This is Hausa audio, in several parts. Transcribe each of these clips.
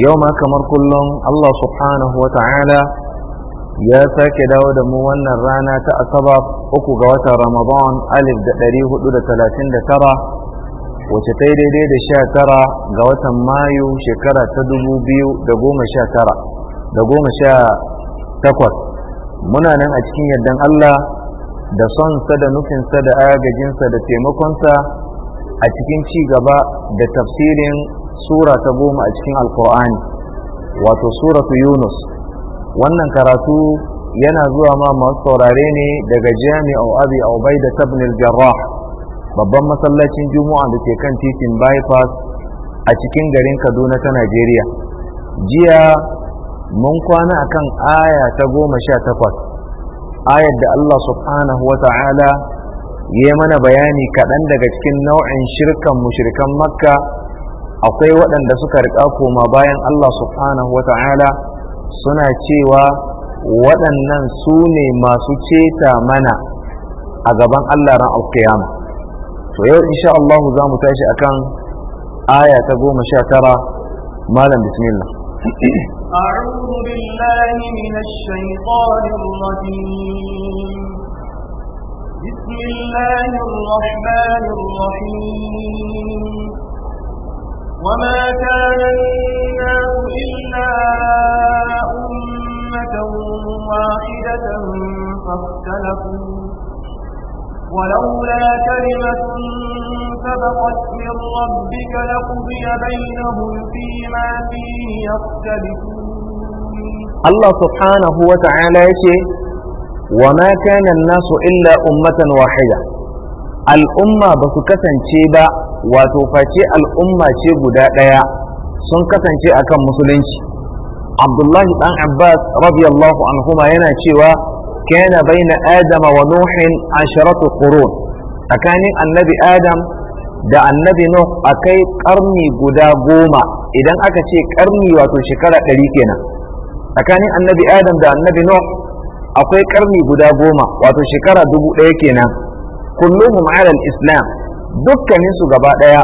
yau ma kamar kullum Allah subhanahu wa ta'ala ya sake dawo da mu wannan rana ta asaba uku ga watan ramadan alif da ɗari hudu da talatin da tara wace ta daidai da sha tara ga watan mayu shekara ta dubu biyu da goma sha tara da goma sha takwas muna nan a cikin yardan Allah da son sa da nufinsa da agajinsa da taimakonsa a cikin ci gaba da tafsirin sura ta goma a cikin alkur'ani wato suratu yunus wannan karatu yana zuwa ma masu saurare ne daga jami'a abi aubai da tabnil jarrah babban masallacin juma'a da ke kan titin bypass a cikin garin kaduna ta najeriya jiya mun kwana akan aya ta goma sha takwas ayar da allah subhanahu wa ta'ala ya mana bayani kaɗan daga cikin nau'in shirkan mushrikan makka akwai waɗanda suka riƙa koma bayan Allah subhanahu wata'ala suna cewa waɗannan su ne masu ceta mana a gaban Allah ran alƙiyama to yau insha Allah za mu tashi akan aya ta goma sha tara malam bismillah أعوذ بالله من الشيطان الرجيم بسم الله الرحمن الرحيم وما كان الناس إلا أمة واحدة فاختلفوا ولولا كلمة سبقت من ربك لقضي بينهم فيما فيه يختلفون الله سبحانه وتعالى يشي وما كان الناس إلا أمة واحدة الأمة بسكة شيبة wato face al'umma ce guda ɗaya sun kasance akan musulunci abdullahi dan abbas radiyallahu anhuma yana cewa kana baina adama wa nuhin asharatu qurun tsakanin annabi adam da annabi nuh akai karni guda goma idan aka ce karni wato shekara ɗari kenan tsakanin annabi adam da annabi nuh akwai karni guda goma wato shekara dubu ɗaya kenan kulluhum ala islam dukkanin su gaba daya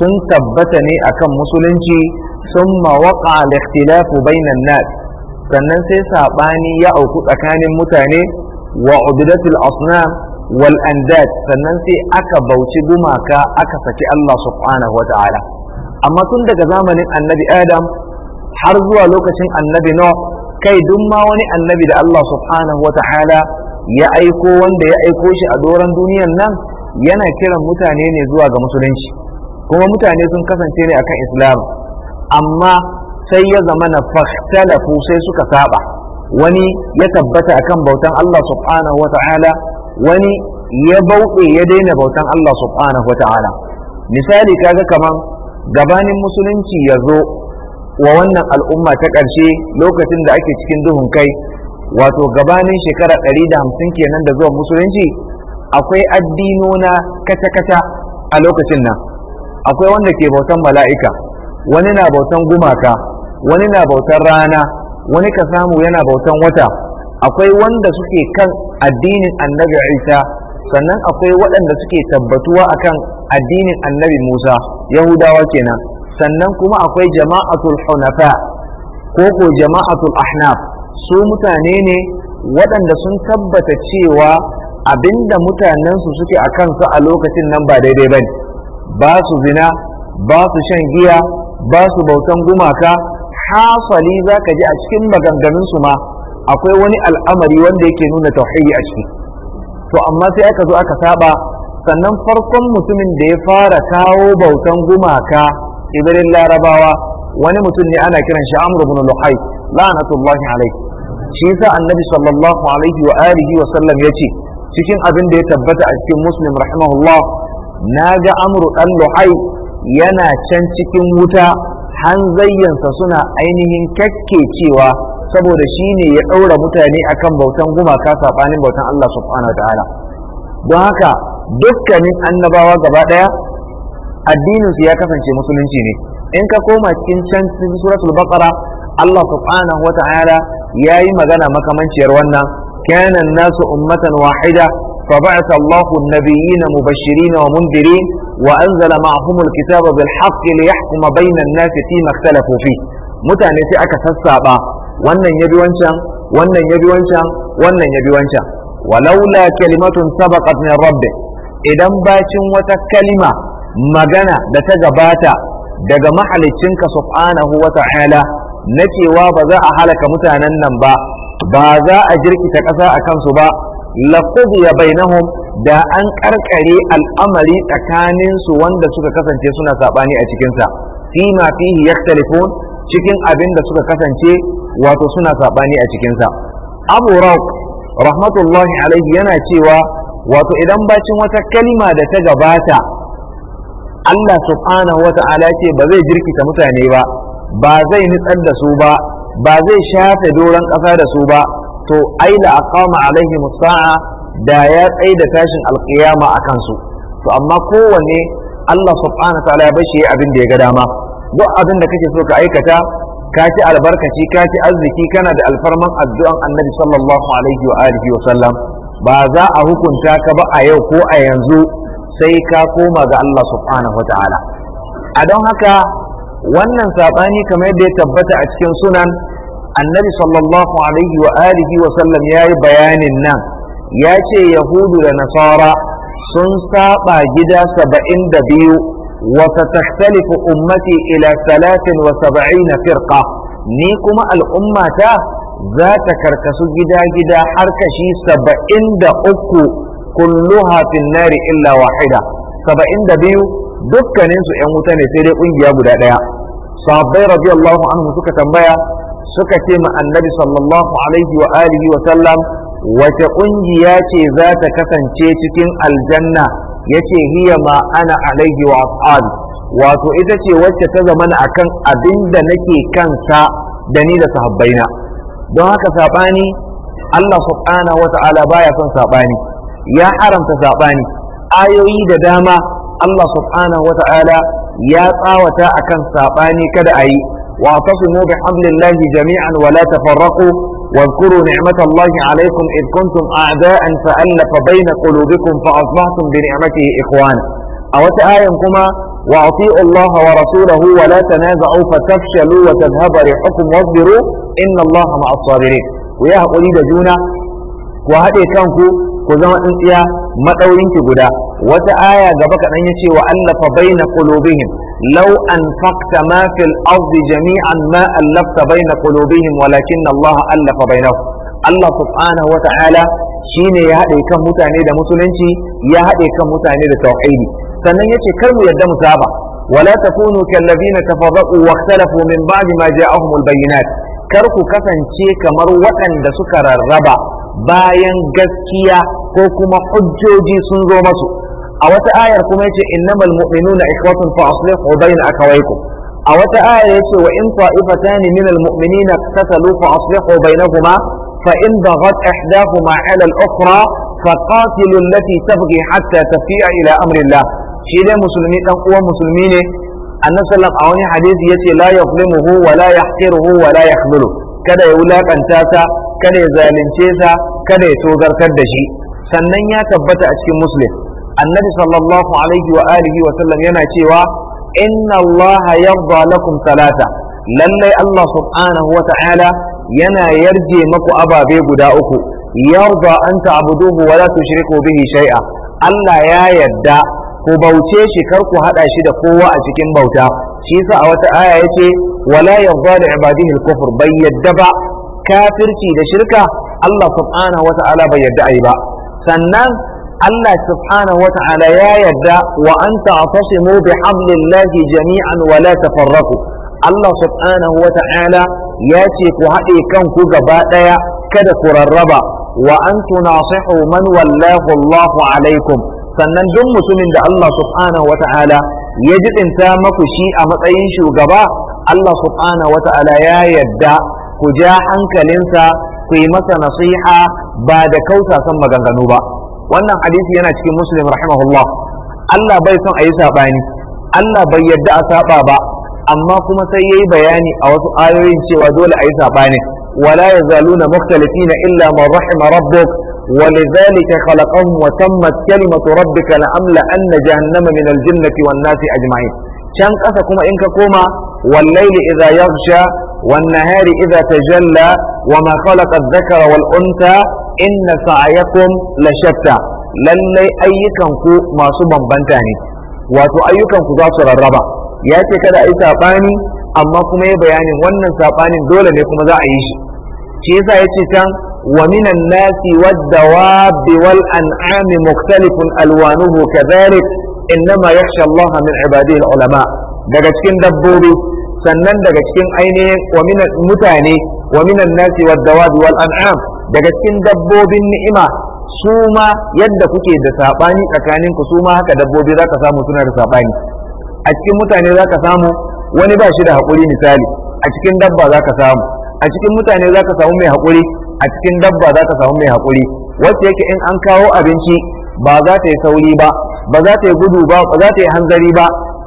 sun tabbata ne akan musulunci sun mawaƙa al-ikhtilafu bainan nas sannan sai sabani ya auku tsakanin mutane wa ubidatul asnam wal andad sannan sai aka bauci gumaka aka saki Allah subhanahu wataala amma tun daga zamanin annabi adam har zuwa lokacin annabi no kai duk ma wani annabi da Allah subhanahu wataala ya aiko wanda ya aiko shi a doron duniyan nan yana kiran mutane ne zuwa ga musulunci kuma mutane sun kasance ne akan islam amma sai ya zama na fahtalafu sai suka saba wani ya tabbata akan bautan Allah subhanahu wata'ala wani ya bauɗe ya daina bautan Allah subhanahu wata'ala misali kaga kaman gabanin musulunci ya zo wa wannan al'umma ta ƙarshe lokacin da ake cikin duhun kai wato gabanin shekara ɗari da hamsin kenan da zuwan musulunci akwai addinona kaca-kaca a lokacin nan akwai wanda ke bautan mala'ika wani na bautan gumaka wani na bautan rana wani ka samu yana bautan wata akwai wanda suke kan addinin annabi isa sannan akwai waɗanda suke tabbatuwa akan addinin annabi musa yahudawa kenan sannan kuma akwai jama'atul hunafa ko ko jama'atul ahnaf su mutane ne waɗanda sun tabbata cewa abinda mutanensu suke a kansu a lokacin nan ba daidai bane ba su zina ba su shan giya ba su bautan gumaka hasali za ka ji a cikin su ma akwai wani al'amari wanda yake nuna tauhidi a ciki to amma sai aka zo aka saba sannan farkon mutumin da ya fara kawo bautan gumaka Ibrahim larabawa wani mutum ne ana kiran shi amru ibn luhai la'natullahi alayhi shi yasa annabi sallallahu alaihi wa alihi wa sallam yace cikin abin da ya tabbata a cikin muslim rahimahullah na ga amru ɗan luhai yana can cikin wuta hanzayyansa suna ainihin kakke cewa saboda shi ne ya ɗaura mutane akan bautan gumaka saɓanin bautan Allah subhanahu wa ta'ala don haka dukkanin annabawa gaba ɗaya addininsu ya kasance musulunci ne in ka koma cikin can cikin suratul baqara Allah subhanahu wa ta'ala yi magana makamanciyar wannan كان الناس أمة واحدة فبعث الله النبيين مبشرين ومنذرين وأنزل معهم الكتاب بالحق ليحكم بين الناس فيما اختلفوا فيه متاني في أكس السابع وانا يبي وانشا وانا يبي وانشا وانا يبي وانشا ولولا كلمة سبقت من ربه إذا باش وتكلمة مجانا دتجا باتا دجا محل سبحانه وتعالى نتي وابا ذا أحالك متانا نبا ba za a jirkita ƙasa a kansu ba laqudiya bainahum da an karkare al'amari tsakaninsu wanda suka kasance suna sabani a cikinsa, sa fima fihi yaktalifun cikin abin da suka kasance wato suna sabani a cikinsa. sa Abu Rauk rahmatullahi alaihi yana cewa wato idan bacin wata kalima da ta gabata Allah subhanahu wa ta'ala ce ba zai jirkita mutane ba ba zai nitsar da su ba ba zai shafe doron ƙasa da su ba to ai la aqama alaihim sa'a da ya tsai da tashin alkiyama a kansu to amma kowanne Allah subhanahu ta'ala ya bashi abin da ya ga dama duk abin da kake so ka aikata ka ci albarkaci ka ci arziki kana da alfarman addu'an annabi sallallahu alaihi wa alihi wa sallam ba za a hukunta ka ba a yau ko a yanzu sai ka koma ga Allah subhanahu wa ta'ala a don haka wannan saɓani kamar yadda ya tabbata a cikin sunan annabi sallallahu alaihi wa alihi wa sallam ya yi bayanin nan ya ce yahudu da nasara sun saba gida saba'in da biyu wata taktalifu ummati ila talatin wa saba'ina firqa ni kuma al'ummata za ta karkasu gida-gida har kashi saba'in da uku kulluha Nari illa wahida saba'in da biyu dukkanin su yan wuta ne sai dai ƙungiya guda ɗaya sahabbai radiyallahu anhu suka tambaya suka ce ma annabi sallallahu alaihi wa alihi wa sallam wace ƙungiya ce za ta kasance cikin aljanna yace hiya ma ana alaihi wa ashabi wato ita ce wacce ta zamana akan abin da nake kansa da ni da sahabbaina don haka sabani Allah subhanahu wa ta'ala baya son sabani ya haramta sabani ayoyi da dama Allah subhanahu wa ta'ala ya tsawata akan sabani kada a yi wa tasimu bi hablillahi jami'an wa la tafarraqu واذكروا نعمة الله عليكم إذ كنتم أعداء فألف بين قلوبكم فأصبحتم بنعمته إخوانا أو آية كما وأطيعوا الله ورسوله ولا تنازعوا فتفشلوا وتذهب ريحكم واصبروا إن الله مع الصابرين ويا قولي دجونا وهدي كانكو ku zama tsintsiya madaurin ki guda wata aya gaba kaɗan ya ce wa allafa baina qulubihim law fakta ma fil ardi jami'an ma allafta baina qulubihim walakin Allah allafa bainahum Allah subhanahu wa ta'ala shine ya haɗe kan mutane da musulunci ya haɗe kan mutane da tauhidi sannan yace kar mu yadda mu saba ولا تكونوا كالذين تفرقوا واختلفوا من بعد ما جاءهم البينات kar ku kasance kamar waɗanda suka rarraba bayan gaskiya ko kuma hujjoji sun zo masu a wata ayar kuma yace innamal mu'minuna ikhwatun fa aslihu bayna akawaykum a wata ayar yace wa in ta'ifatan min almu'minina qatalu fa aslihu bainahuma fa in baghat ihdahuma 'ala al-ukhra faqatilu allati tabghi hatta tafi'a ila amri Allah shi dai musulmi dan uwan musulmi ne annabi sallallahu alaihi wasallam a wani hadisi yace la yuzlimuhu wa la yahqiruhu wa la yakhzulu kada ya wulakanta ta kada ya zalunce sa kada ya tozartar da shi sannan ya tabbata a cikin muslim annabi sallallahu alaihi wa alihi wa sallam yana cewa inna allaha yarda lakum talata lallai allah subhanahu wa ta'ala yana yarje maku ababe guda uku yarda an ta'buduhu wa la tushriku bihi shay'a allah ya yarda ku bauce shi kar ku hada shi da kowa a cikin bauta shi yasa a wata aya yace wala yarda da ibadihi al-kufr bai yadda ba kafirci da shirka Allah subhanahu wa ta'ala bai yarda yi ba sannan Allah subhanahu wa ta'ala ya yarda wa an ta'tasimu bi hablillahi jami'an wa la tafarraqu Allah subhanahu wa ta'ala ya ce ku haɗe kanku gaba ɗaya kada ku rarraba wa an tunasihu man wallahu Allahu alaikum sannan duk mutumin da Allah subhanahu wa ta'ala ya jibinta maku shi a matsayin shugaba Allah subhanahu wa ta'ala ya yarda ku ja hankalinsa ku yi masa nasiha ba da kausa san maganganu ba wannan hadisi yana cikin muslim rahimahullah Allah bai son a yi saɓani Allah bai yadda a saɓa ba amma kuma sai yayi bayani a wasu ayoyin cewa dole a yi saɓani ولا يزالون مختلفين إلا من رحم ربك ولذلك خلقهم وتمت كلمة ربك لأملأن جهنم من الجنة والناس أجمعين كان قسكما إنك كما والليل إذا يغشى والنهار إذا تجلى وما خلق الذكر والأنثى إن سعيكم لشتى lallai ayyukanku masu bambanta ne wato ayyukanku za su rarraba ya ce kada a yi saɓani amma kuma ya bayanin wannan saɓanin dole ne kuma za a yi shi shi yasa ya ce can wa minan nasi bi wal an'ami muktalifun alwanuhu kadhalik innama yakhsha Allah min ibadihi ulama daga cikin dabbobi sannan daga cikin ainihin mutane wa minan nasi wad dawabi wal an'am daga cikin dabbobin ni'ima su ma yadda kuke da sabani tsakanin ku su ma haka dabbobi za ka samu suna da sabani a cikin mutane za ka samu wani ba shi da haƙuri misali a cikin dabba za ka samu a cikin mutane za ka samu mai haƙuri a cikin dabba za ka samu mai haƙuri wacce yake in an kawo abinci ba za ta yi sauri ba ba za ta yi gudu ba ba za ta yi hanzari ba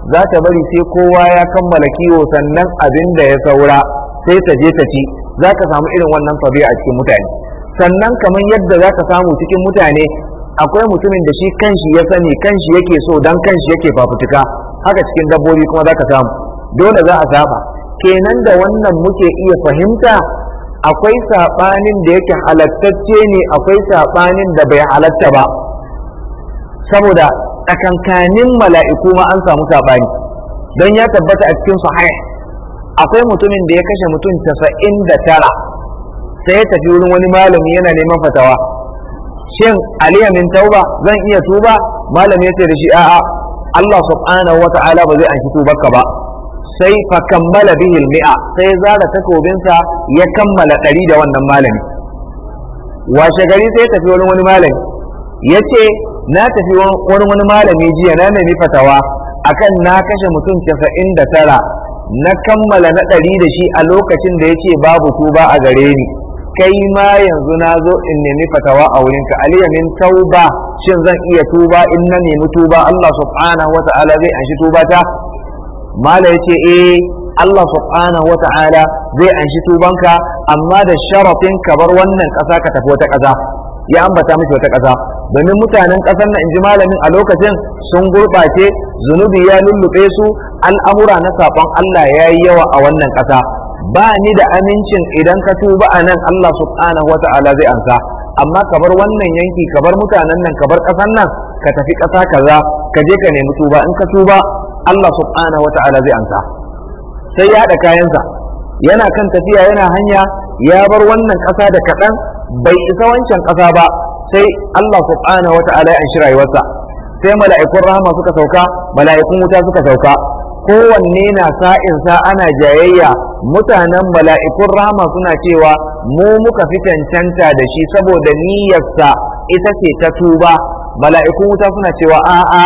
za ta bari sai kowa ya kammala kiwo sannan abin da ya saura sai ta je ta ci za ka samu irin wannan tabi'a a cikin mutane sannan kamar yadda za ka samu cikin mutane akwai mutumin da shi kanshi ya sani kanshi yake so dan kanshi yake fafutuka haka cikin dabbobi kuma za ka samu dole za a saba kenan da wannan muke iya fahimta akwai saɓanin da yake halattacce ne akwai saɓanin da bai halatta ba saboda tsakankanin mala'iku ma an samu sabani don ya tabbata a cikin sahih akwai mutumin da ya kashe mutum casa'in da tara sai ya tafi wurin wani malami yana neman fatawa shin aliya min tauba zan iya tuba malami ya ce da shi a'a Allah subhanahu wata'ala ba zai anki tubarka ba sai fa kammala bihil mi'a sai zara sa ya kammala ɗari da wannan malami washe gari sai tafi wurin wani malami ya ce na tafi wani wani malami jiya na nemi fatawa akan na kashe mutum casa'in da tara na kammala na ɗari da shi a lokacin da ya ce babu tuba a gare ni kai ma yanzu na zo in nemi fatawa a wurinka aliyamin tauba shin zan iya tuba in na nemi tuba Allah subhanahu wa ta'ala zai anshi tuba ta mala yace eh Allah subhanahu wa ta'ala zai anshi tubanka amma da sharafin ka bar wannan ƙasa ka tafi wata ƙasa ya ambata miki wata ƙasa domin mutanen ƙasar na ji malamin a lokacin sun gurɓace zunubi ya lullube su al'amura na saɓon Allah ya yi yawa a wannan ƙasa ba ni da amincin idan ka tuba a nan Allah subhanahu wata'ala zai amsa amma ka bar wannan yanki ka bar mutanen nan ka bar ƙasar nan ka tafi ƙasa kaza ka je ka nemi tuba in ka tuba Allah subhanahu wata'ala zai amsa sai ya haɗa kayansa yana kan tafiya yana hanya ya bar wannan ƙasa da kaɗan bai isa wancan ƙasa ba sai Allah subhanahu wata ya anshi rayuwarsa sai mala'ikun rahama suka sauka mala'ikun wuta suka sauka kowanne na sa'in sa ana jayayya mutanen mala'ikun rahama suna cewa mu muka fi cancanta da shi saboda niyyarsa ita ce ta tuba mala'ikun wuta suna cewa a'a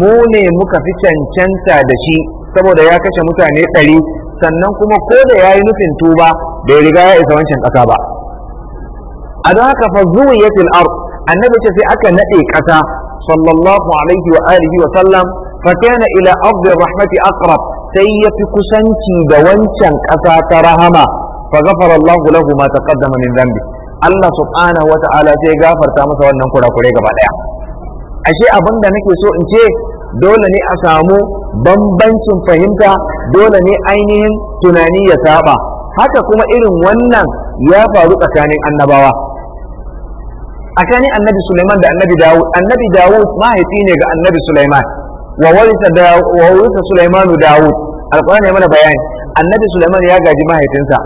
mu ne muka fi cancanta da shi saboda ya kashe mutane ɗari sannan kuma ko da ya yi nufin tuba bai riga ya isa wancan ƙasa ba a don haka fa zuwiyatil ard annabi ce sai aka nade ƙasa. sallallahu alaihi wa alihi wa sallam fa kana ila ardi aqrab sai ya fi kusanci da wancan ƙasa ta rahama fa ghafara Allah lahu ma taqaddama Allah subhanahu wa ta'ala sai gafarta masa wannan kure gaba daya ashe abin da nake so in ce dole ne a samu bambancin fahimta dole ne ainihin tunani ya saba haka kuma irin wannan ya faru tsakanin annabawa tsakanin annabi Sulaiman da annabi Dawud annabi Dawud mahaifi ne ga annabi Sulaiman wa warisa da wa warisa Sulaiman Dawud alqur'ani mana bayani annabi Sulaiman ya gaji mahaifinsa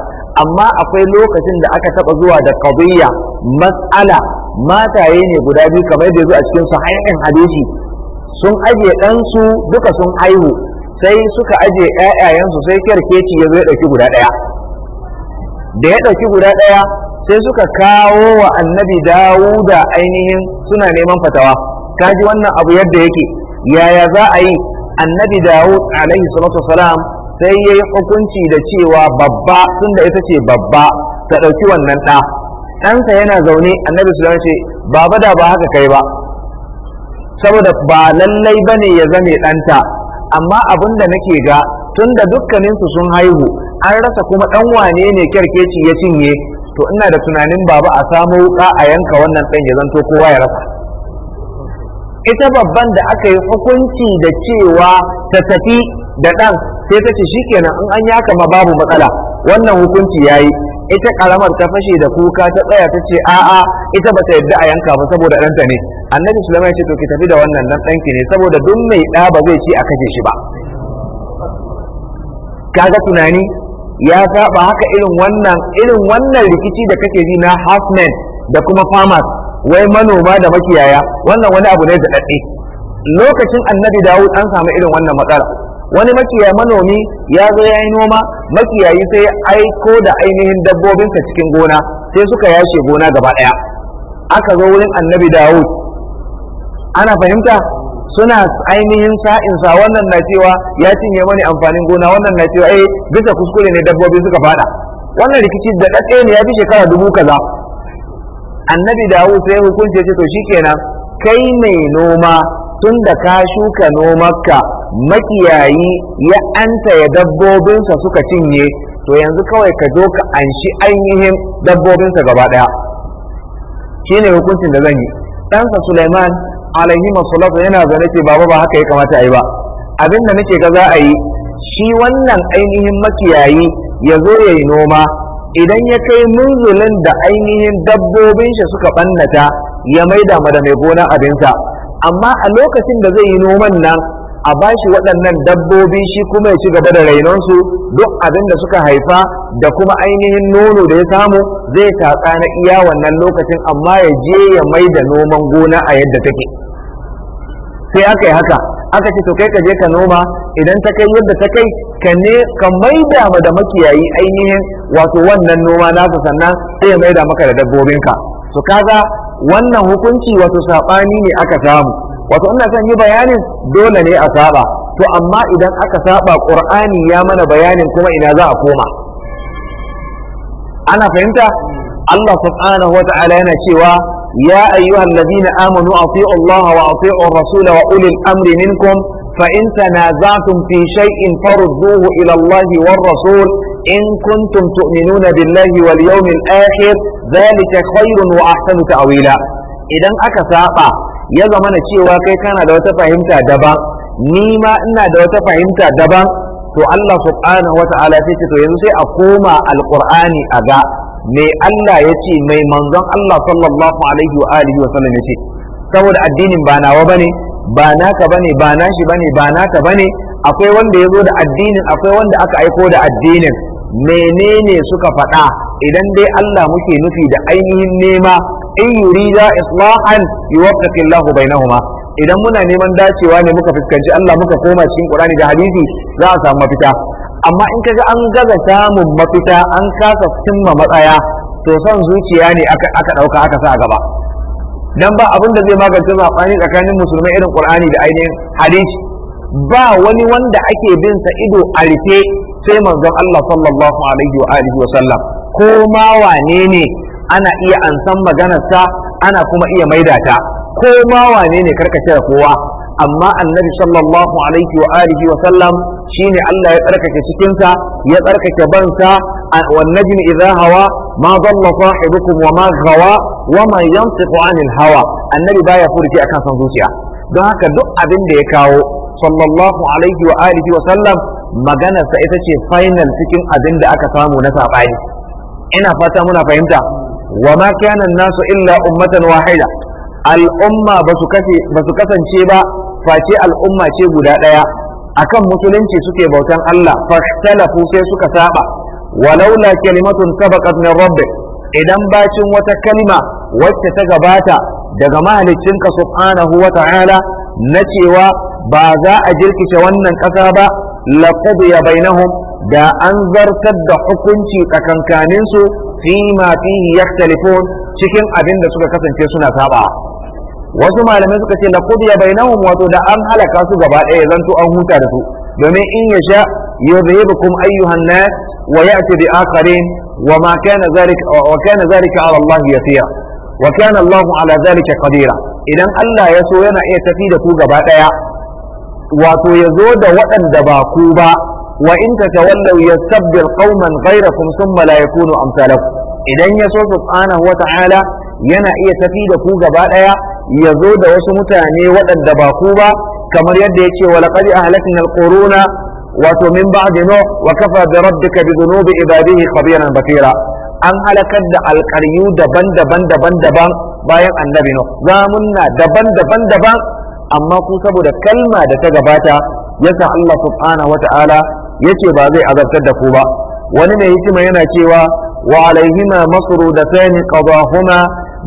amma akwai lokacin da aka taba zuwa da qadiyya mas'ala mataye ne guda biyu kamar da yazo a cikin sahihin hadisi sun aje ɗansu duka sun haihu sai suka aje ƴaƴayensu sai kyarkeci ya zo ya ɗauki guda ɗaya da ya ɗauki guda ɗaya sai suka kawo wa annabi dawuda ainihin suna neman fatawa kaji wannan abu yadda yake yaya za a yi annabi dawud alaihi salatu salam sai ya yi hukunci da cewa babba tunda ita ce babba ta ɗauki wannan ɗa ɗansa yana zaune annabi su ce baba da ba haka kai ba saboda ba lallai ba ne ya zame ɗanta amma abin da nake ga tunda dukkaninsu sun haihu an rasa kuma ɗan wane ne kyarkeci ya cinye to ina da tunanin baba a samu wuka a yanka wannan ɗan ya zanto kowa ya rasa ita babban da aka yi hukunci da cewa ta tafi da ɗan sai ta ce shikenan in an yaka ma babu matsala wannan hukunci ya yi ita karamar ta fashe da kuka ta tsaya ta ce a'a ita ba ta yadda a yanka ba saboda ɗanta ne annabi sulaiman ya ce to ki tafi da wannan dan ɗanki ne saboda duk mai ɗa ba zai ci a kashe shi ba kaga tunani ya saba haka irin wannan irin wannan rikici da kake ji na housemen da kuma farmers wai manoma da makiyaya wannan wani abu ne da daɗe lokacin annabi dawud an samu irin wannan matsala wani makiyaya manomi ya zo ya yi noma makiyayi sai ya aiko da ainihin dabbobinsa cikin gona sai suka yashe gona gaba ɗaya aka zo wurin annabi dawud ana fahimta suna ainihin sa'insa wannan na cewa ya cinye mani amfanin gona wannan na cewa eh bisa kuskure ne dabbobi suka fada wannan rikici da ƙasƙe ne ya fi shekara dubu kaza annabi dawud sai hukunce ce to shikenan kai mai noma tun da ka shuka nomarka makiyayi ya anta ya dabbobinsa suka cinye to yanzu kawai ka zo ka anshi ainihin dabbobinsa gaba ɗaya shine hukuncin da zan yi ɗansa suleiman alaihi masalatu yana zane ce baba ba haka ya kamata a yi ba abin da nake ga za a yi shi wannan ainihin makiyayi ya zo ya yi noma idan ya kai munzulin da ainihin dabbobin shi suka ɓannata ya maida ma da mai gona abinsa amma a lokacin da zai yi noman nan a bashi waɗannan dabbobi shi kuma ya ci gaba da rainonsu duk abin da suka haifa da kuma ainihin nono da ya samu zai taƙa na iya wannan lokacin amma ya je ya mai da noman gona a yadda take sai aka yi haka aka ce to kai ka je ka noma idan ta kai yadda ta kai ka ne ka maida ma da makiyayi ainihin wato wannan noma naka sannan sai ya maida maka da dabbobinka su kaga wannan hukunci wato saɓani ne aka samu wato ina son yi bayanin dole ne a saba to amma idan aka saba qur'ani ya mana bayanin kuma ina za a koma ana fahimta Allah subhanahu wa ta'ala yana cewa ya ayyuhal ladina amanu ati'u Allah wa ati'u ar-rasul wa ulil amri minkum fa in tanaza'tum fi shay'in farudduhu ila Allah war rasul in kuntum tu'minuna billahi wal yawmil akhir dhalika khairun wa ahsanu ta'wila idan aka saba ya zama na cewa kai kana da wata fahimta daban ni ma ina da wata fahimta daban to Allah subhanahu wata'ala sai ce to yanzu sai a koma alqur'ani a ga me Allah ya ce mai manzon Allah sallallahu alaihi wa alihi wa sallam ya ce saboda addinin ba nawa bane ba naka bane ba nashi bane ba naka bane akwai wanda ya zo da addinin akwai wanda aka aiko da addinin menene suka faɗa idan dai Allah muke nufi da ainihin nema in yurida islahan bai Allahu bainahuma idan muna neman dacewa ne muka fuskanci Allah muka koma cikin Qur'ani da hadisi za a samu mafita amma in kaga an gaza samun mafita an kasa cimma matsaya to son zuciya ne aka ɗauka dauka aka sa gaba dan ba abin da zai magance sabani tsakanin musulmai irin ƙur'ani da ainihin hadisi ba wani wanda ake bin sa ido a rufe sai manzon Allah sallallahu alaihi wa wa sallam ko ma wane ne ana iya ansan maganarsa ana kuma iya maida ta ko ma wane ne karkace da kowa amma annabi sallallahu alaihi wa alihi wa sallam shine Allah ya tsarkake cikinsa ya tsarkake bansa wan najmi idha hawa ma dhalla sahibukum wa ma ghawa wa man yantiqu anil hawa annabi baya furci akan san zuciya don haka duk abin da ya kawo sallallahu alaihi wa alihi wa sallam maganarsa ita ce final cikin abin da aka samu na saɓani ina fata muna fahimta wa ma kana nasu illa ummatan wahida al'umma ba su kasance ba face al'umma ce guda ɗaya akan musulunci suke bautan Allah fashtalafu sai suka saba walaula kalimatun sabaqat min rabbik idan bacin wata kalima wacce ta gabata daga ka subhanahu wa ta'ala na cewa ba za a jirkice wannan ƙasa ba laqudiya bainahum da an zartar da hukunci a kankaninsu. fima fihi yaktalifun cikin abinda suka kasance suna saba wasu malamai suka ce la qudiya bainahum wato da an halaka su gaba ɗaya zanto an huta da su domin in ya yudhibukum ayyuhan nas wa ya'ti bi akharin wa ma kana zalika wa kana zalika ala Allah yasira wa kana Allah ala zalika qadira idan Allah ya so yana iya tafi da ku gaba ɗaya wato ya zo da waɗanda ba ku ba Wa'inta in tatawallaw yastabdil qauman ghayrakum thumma la idan ya so subhanahu wa yana iya tafi da ku gaba daya ya zo da wasu mutane waɗanda ba ku ba kamar yadda yake wa laqad ahlakna alquruna wato min ba'di nuh wa kafa bi rabbika bi dhunubi ibadihi khabiran basira an halakar da alƙaryu daban-daban daban-daban bayan annabi nuh zamunna daban-daban daban amma ku saboda kalma da ta gabata yasa Allah subhanahu wata'ala yace ba zai azabtar da ku ba wani mai hitima yana cewa wa alaihima masrudatan qadahuma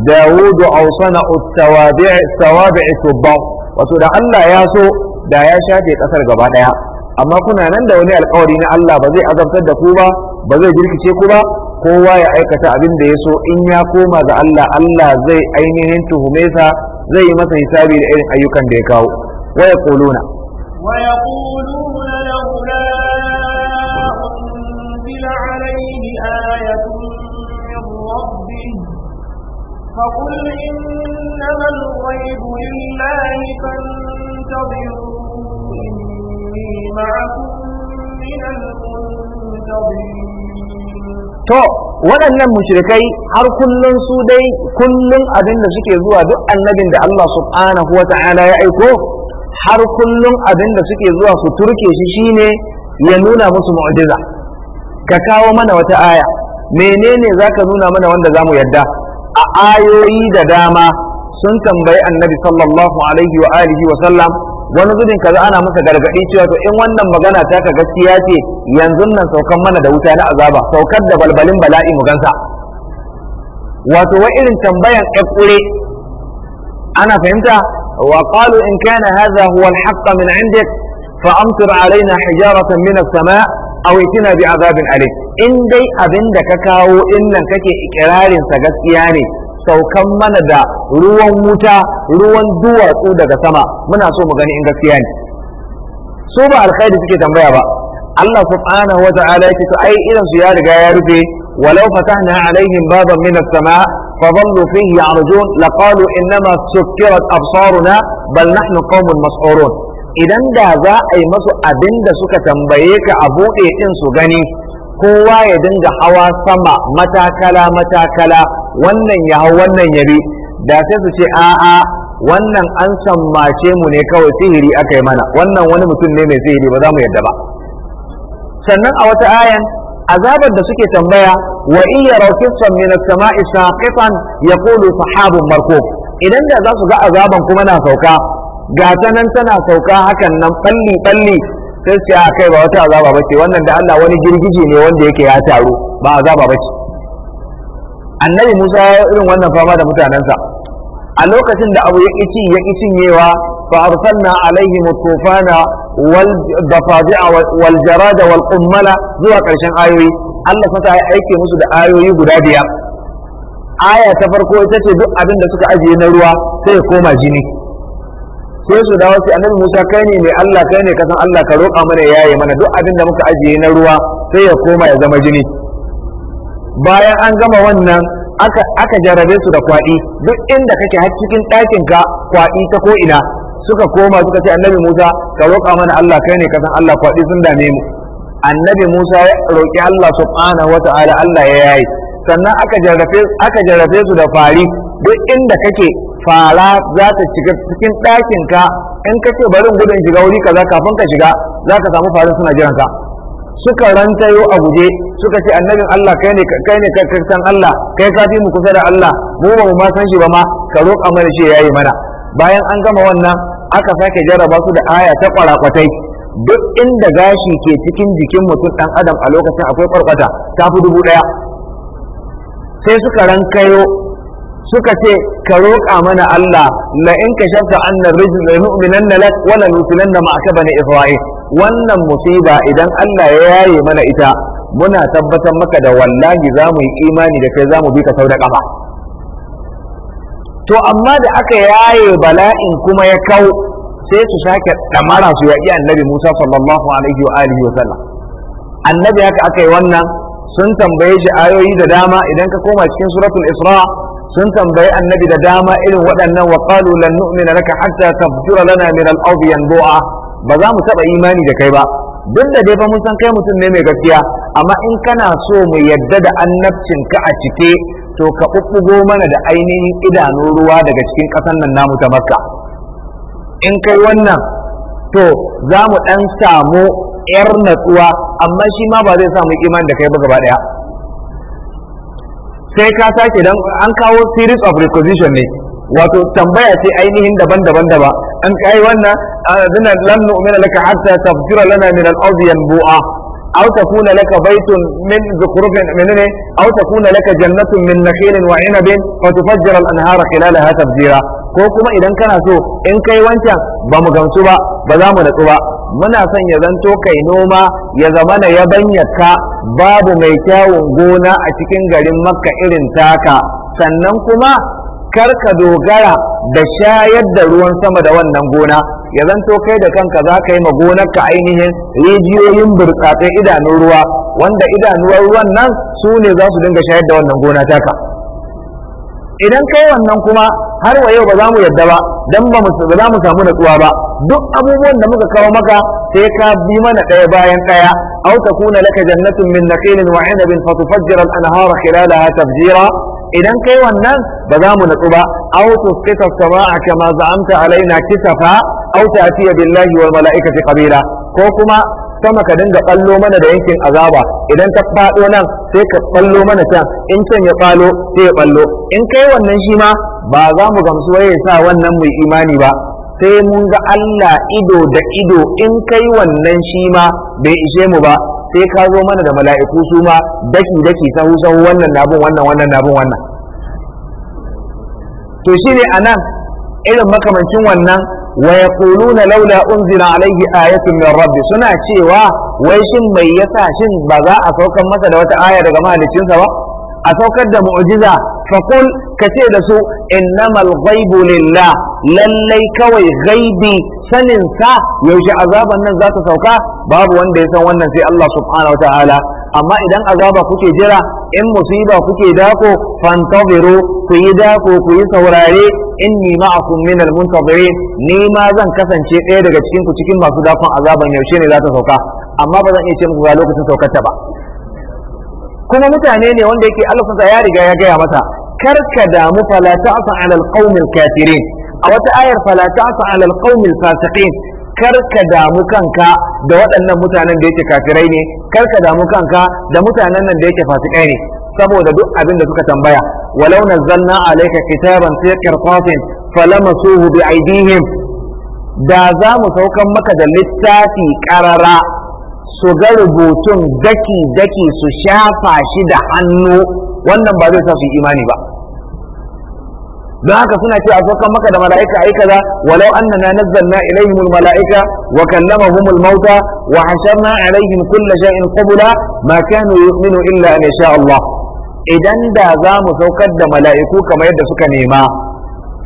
داود أو صنع التوابع التوابع السبع wato da Allah ya so da ya shafe kasar gaba daya amma kuna nan da wani alkawari na Allah ba zai azabtar da ku ba ba zai jirkice ku ba kowa ya aikata abin da ya so in ya koma ga Allah Allah zai ainihin tuhume zai yi masa hisabi da irin ayyukan da ya kawo wa yaquluna wa آية من ربه فقل إنما الغيب لله فانتظروا إني معكم من المنتظرين To, waɗannan mushrikai har kullum su dai kullum abin da suke zuwa duk annabin da Allah subhanahu wa ta'ala ya aiko har kullum abin da suke zuwa su turke shi shine ya nuna musu mu'jiza ka kawo mana wata aya menene zaka nuna mana wanda zamu yadda a ayoyi da dama sun tambayi annabi sallallahu alaihi wa alihi wa sallam wani zubin kaza ana masa gargaɗi cewa to in wannan magana ta ka gaskiya ce yanzu nan saukan mana da wuta na azaba saukar da balbalin bala'i mu gansa wato wa irin tambayan ƙaƙure ana fahimta wa qalu in kana hadha huwa al-haqq min 'indik fa amtir alaina hijaratan min as-sama' aw yatina bi azabin alim in dai abin da ka kawo din nan kake ikirarin sa gaskiya ne saukan mana da ruwan wuta ruwan duwatsu daga sama muna so mu gani in gaskiya ne su ba alkhairi suke tambaya ba Allah subhanahu wa ta'ala yake to ai irin su ya riga ya rufe ولو فتحنا عليهم بابا من السماء فظلوا فيه يعرجون لقالوا انما سكرت ابصارنا بل نحن قوم مسحورون idan da za a yi masu abin da suka tambaye ka a buɗe ɗin su gani kowa ya dinga hawa sama matakala matakala wannan ya hau wannan ya bi da sai su ce a'a wannan an sammace mu ne kawai sihiri aka yi mana wannan wani mutum ne mai sihiri ba za mu yadda ba sannan a wata ayan azabar da suke tambaya wa in yaraw qissan min as-sama'i ya yaqulu sahabun markub idan da za su ga azaban kuma na sauka ga nan tana sauka hakan nan balli balli sai ce a kai ba wata azaba ba ce wannan da Allah wani girgije ne wanda yake ya taru ba azaba ba ce annabi Musa ya yi irin wannan fama da mutanensa a lokacin da abu ya kici ya kicinyewa fa arsalna alaihim tufana wal dafadi'a wal jarada wal qummala zuwa karshen ayoyi Allah fa ta aike musu da ayoyi guda biyar aya ta farko ita ce duk abin da suka ajiye na ruwa sai ya koma jini sai su dawo sai annabi Musa kai ne mai Allah kai ne kasan Allah ka roƙa mana yaye mana duk abin da muka ajiye na ruwa sai ya koma ya zama jini bayan an gama wannan aka aka jarabe su da kwaɗi duk inda kake har cikin ɗakin ka kwaɗi ta ko'ina, ina suka koma suka ce annabi Musa ka roƙa mana Allah kai ne kasan Allah kwaɗi sun dame mu annabi Musa ya roƙi Allah subhanahu wata'ala Allah ya yaye sannan aka jarabe aka jarrafe su da fari duk inda kake fara za ta shiga cikin ɗakin ka in ka ce bari gudun shiga wuri kaza kafin ka shiga za ka samu farin suna jiran ka suka rantayo a guje suka ce annabin Allah kai ne kai ne ka san Allah kai ka mu kusa da Allah mu ba mu ma san shi ba ma ka roƙa mana shi yayi mana bayan an gama wannan aka sake jarraba su da aya ta kwarakwatai duk inda gashi ke cikin jikin mutum dan adam a lokacin akwai kwarkwata ta fi dubu ɗaya sai suka rankayo suka ce ka roƙa mana Allah la in ka shafta annar rijl da nu'minan lak wala la da ma'aka isra'il wannan musiba idan Allah ya yaye mana ita muna tabbatar maka da wallahi za mu yi imani da kai za mu bi ka sau da ƙafa to amma da aka yaye bala'in kuma ya kau sai su sake ɗamara su yaƙi annabi musa sallallahu alaihi wa alihi wa annabi haka aka yi wannan sun tambaye shi ayoyi da dama idan ka koma cikin suratul isra sun tambayi annabi da dama irin waɗannan wa qalu lan nu'mina laka hatta tafjura lana min al-ardi yanbu'a ba za mu taɓa imani da kai ba duk da dai fa mun san kai mutum ne mai gaskiya amma in kana so mu yadda da annabcin ka a cike to ka bubbugo mana da ainihin idanun ruwa daga cikin ƙasar nan namu ta makka in kai wannan to za mu ɗan samu 'yar natsuwa amma shi ma ba zai samu imani da kai ba gaba ɗaya sai ka sake dan an kawo series of requisition ne wato tambaya ce ainihin daban-daban da ba an kai wannan azina ah, lan nu'mina laka hatta tafjura lana min al-ardi yanbu'a aw takuna laka baytun min zukhrufin menene aw takuna laka jannatun min nakhilin wa 'inabin fa tufajjira al ko kuma idan kana so in kai wancan ba mu gamsu ba ba za mu natsu ba muna son ya zanto kai noma ya zama na yabanyarka babu mai kyawun gona a cikin garin makka irin taka sannan kuma karka dogara da shayar da ruwan sama da wannan gona ya zanto kai da kanka za ka yi ma ka ainihin rijiyoyin burtsatsen idanun ruwa wanda idanuwar ruwan nan su ne za su dinga shayar da wannan gona taka idan kai wannan kuma har wa yau ba za mu yadda ba dan ba za mu samu natsuwa ba duk abubuwan da muka kawo maka sai ka bi mana ɗaya bayan ɗaya aw takuna laka jannatun min naqilin wa 'inabin fatufajjira al-anhara khilalaha tafjira idan kai wannan ba za mu natsu ba aw tusqita as-samaa kama za'amta alaina kisafa aw ta'tiya billahi wal mala'ikati qabila ko kuma sama ka dinga ballo mana da yankin azaba idan ka fado nan sai ka ballo mana can in can ya falo sai ya ballo in kai wannan shi ma ba za mu gamsu waye sa wannan mu imani ba sai mun ga Allah ido da ido in kai wannan shi ma bai ishe mu ba sai ka zo mana da mala'iku su ma daki daki sahu sahu wannan nabin wannan wannan nabin wannan to shine anan irin makamancin wannan wa yaquluna laula zina alaihi ayatun min rabbi suna cewa wai shin mai yasa shin ba za a saukar masa da wata aya daga mahaliccinsa ba a saukar da mu'jiza faqul kace da su innamal ghaibu lillah lallai kawai ghaibi sanin sa yaushe azaban nan za ta sauka babu wanda ya san wannan sai Allah subhanahu wataala amma idan azaba kuke jira in musiba kuke dako fantabiru ku yi dako ku yi saurare inni ma'akum minal muntazirin ni ma zan kasance ɗaya daga cikin ku cikin masu dakon azaban yaushe ne za ta sauka amma ba zan iya ce muku ga lokacin saukar ta ba kuma mutane ne wanda yake Allah ya riga ya gaya mata kar ka damu fala ta'sa 'ala qaumil kafirin a wata ayar fala ta'sa 'ala qaumil fasiqin kar ka damu kanka da waɗannan mutanen da yake kafirai ne kar ka damu kanka da mutanen nan da yake fasikai ne saboda duk abin da suka tambaya walau nazzalna alayka kitaban fi qirtasin falamasuhu bi aydihim da za mu saukan maka da littafi karara su ga rubutun daki daki su shafa shi da hannu wannan ba zai sa su imani ba don haka suna cewa a saukan maka da mala'ika yi kaza walau annana nazzalna ilaihim almala'ika wa kallamahum almauta wa hasharna alaihim kulla shay'in qabla ma kanu yu'minu illa an yasha Allah idan da za mu saukar da mala'iku kamar yadda suka nema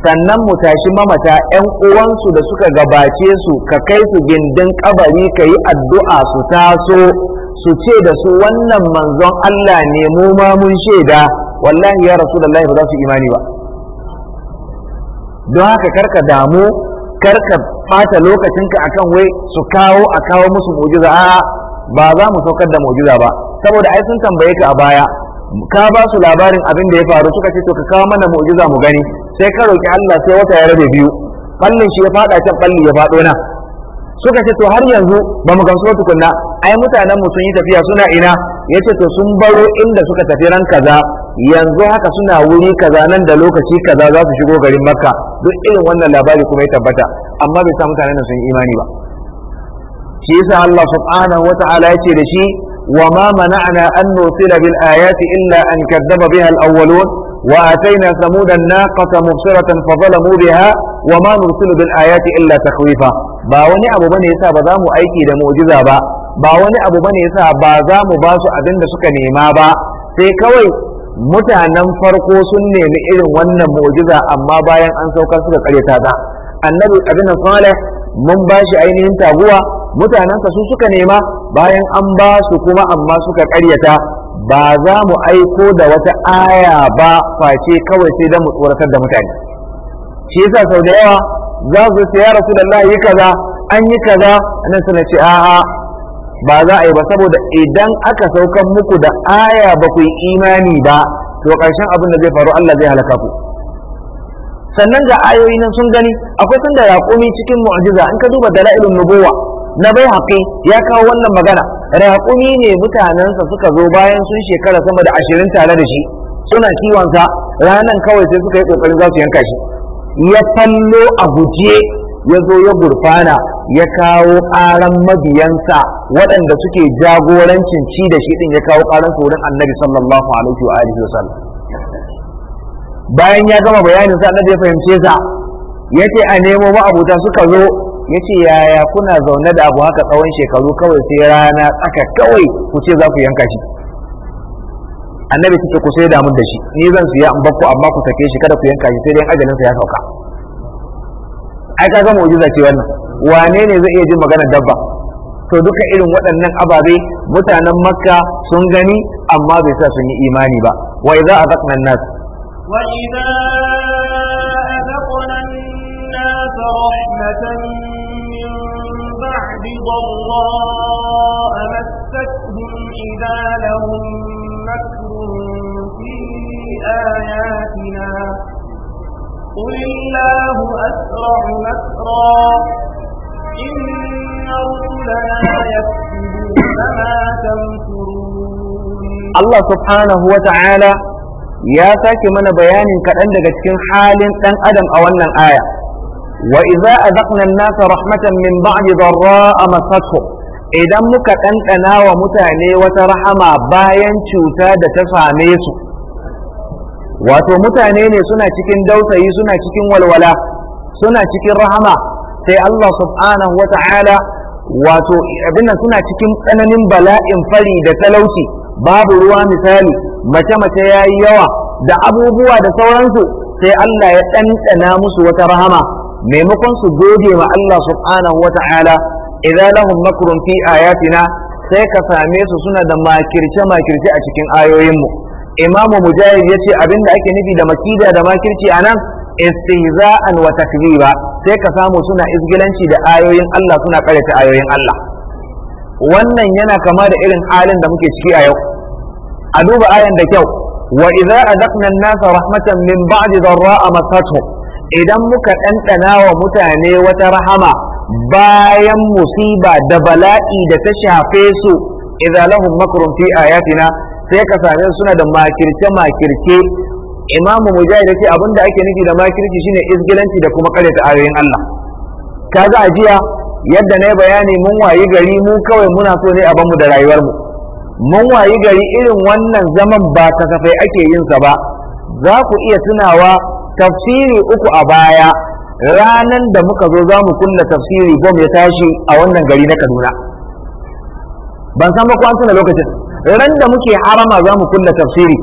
sannan mu tashi mamata 'yan uwansu da suka gabace su ka kai su gindin kabari ka yi addu'a su taso su ce da su wannan manzon Allah ne mu ma mun shaida wallahi ya rasulullahi ba za su imani ba don haka karka damu karka fata lokacinka akan wai su kawo a kawo musu mu'jiza a'a ba za mu saukar da mu'jiza ba saboda ai sun tambaye ka a baya ka ba su labarin abin da ya faru suka ce to ka kawo mana mu'jiza mu gani sai ka roki Allah sai wata ya rabe biyu fallin shi ya fada can balli ya fado na. suka ce to har yanzu ba mu gamsu tukunna ai mutanen mu sun yi tafiya suna ina yace to sun baro inda suka tafi ran kaza yanzu haka suna wuri kaza nan da lokaci kaza za su shigo garin makka duk irin wannan labari kuma ya tabbata amma bai sa mutanen sun yi imani ba shi yasa Allah subhanahu wata'ala yace da shi wa ma mana'ana an nusila bil ayati illa an kadzaba biha al awwalun وآتينا ثمود الناقة مبصرة فظلموا بها وما نرسل بالآيات illa تخويفا ba wani abu bane yasa ba za mu aiki da mu'jiza ba ba wani abu bane yasa ba za mu basu su abin da suka nema ba sai kawai mutanen farko sun nemi irin wannan mu'jiza amma bayan an saukar suka karyata ta annabi abin salih mun ba shi ainihin taguwa mutanensa su suka nema bayan an basu kuma amma suka karyata ba za mu aiko da wata aya ba face kawai sai da mu tsoratar da mutane shi yasa sau da yawa za su ce ya rasu rasulullah yi kaza an yi kaza nan suna ce a'a ba za a yi ba saboda idan aka saukan muku da aya ba ku yi imani ba to ƙarshen abin da zai faru Allah zai halaka ku sannan ga ayoyi nan sun gani akwai sanda yaƙumi cikin mu'jiza in ka duba dalailun nubuwa na bai haƙi ya kawo wannan magana raƙumi ne mutanensa suka zo bayan sun shekara sama da ashirin tare da shi suna kiwonsa ranan kawai sai suka yi ƙoƙarin za su yanka shi ya fallo a guje ya zo ya gurfana ya kawo ƙaran mabiyansa waɗanda suke jagorancin ci da shi ɗin ya kawo ƙaran wurin annabi sallallahu alaihi wa alihi wa sallam bayan ya gama bayanin sa annabi ya fahimce sa yace a nemo ma'abuta suka zo ya ce yaya kuna zaune da abu haka tsawon shekaru kawai sai rana tsaka kawai ku ce za ku yanka shi annabi ce ku sai damu da shi ni zan siya in bakku amma ku sake shi kada ku yanka shi sai dai ajalinsa ya sauka ai ka ga mu'jiza ce wannan wane ne zai iya jin maganar dabba to duka irin waɗannan ababe mutanen makka sun gani amma bai sa sun yi imani ba wa idza azaqna an-nas wa idza azaqna an-nas rahmatan ضراء مستهم إذا لهم مكر في آياتنا قل الله أسرع مكرا إن رسلنا يكتبون ما تمكرون الله سبحانه وتعالى ya sake mana bayanin kaɗan daga cikin halin ɗan adam a wannan aya وإذا أذقنا الناس رحمة من بعد ضراء مستهم idan muka ɗanɗana wa mutane wata rahama bayan cuta da ta same su wato mutane ne suna cikin dausayi suna cikin walwala suna cikin rahama sai Allah subhanahu wata'ala wato abin suna cikin tsananin bala'in fari da talauci babu ruwa misali mace mace yayi yawa da abubuwa da sauransu sai Allah ya ɗanɗana musu wata rahama maimakon su gode ma Allah subhanahu wa ta'ala idza lahum makrun fi ayatina sai ka same su suna da makirce makirce a cikin ayoyinmu imamu mujahid yace abinda ake nufi da makida da makirci anan istihza'an wa takziba sai ka samu suna izgilanci da ayoyin Allah suna karanta ayoyin Allah wannan yana kama da irin halin da muke ciki a yau a duba ayan da kyau wa idza adaqna an-nasa rahmatan min ba'di dharra'a masatuhum idan muka ɗanɗana wa mutane wata rahama bayan musiba da bala'i da ta shafe su idza lahum makrun fi ayatina sai ka same suna da makirce makirce imamu mujahid yace abinda ake nufi da makirci shine izgilanci da kuma karya ayoyin Allah kaga ajiya yadda na yi bayani mun wayi gari mu kawai muna so ne a da rayuwar mu mun wayi gari irin wannan zaman ba kasafai ake yin sa ba za ku iya tunawa tafsiri uku a baya ranan da muka zo za mu kulla tafsiri bom ya tashi a wannan gari na kaduna ban san ko an an lokacin ran da muke harama za mu kulla tafsiri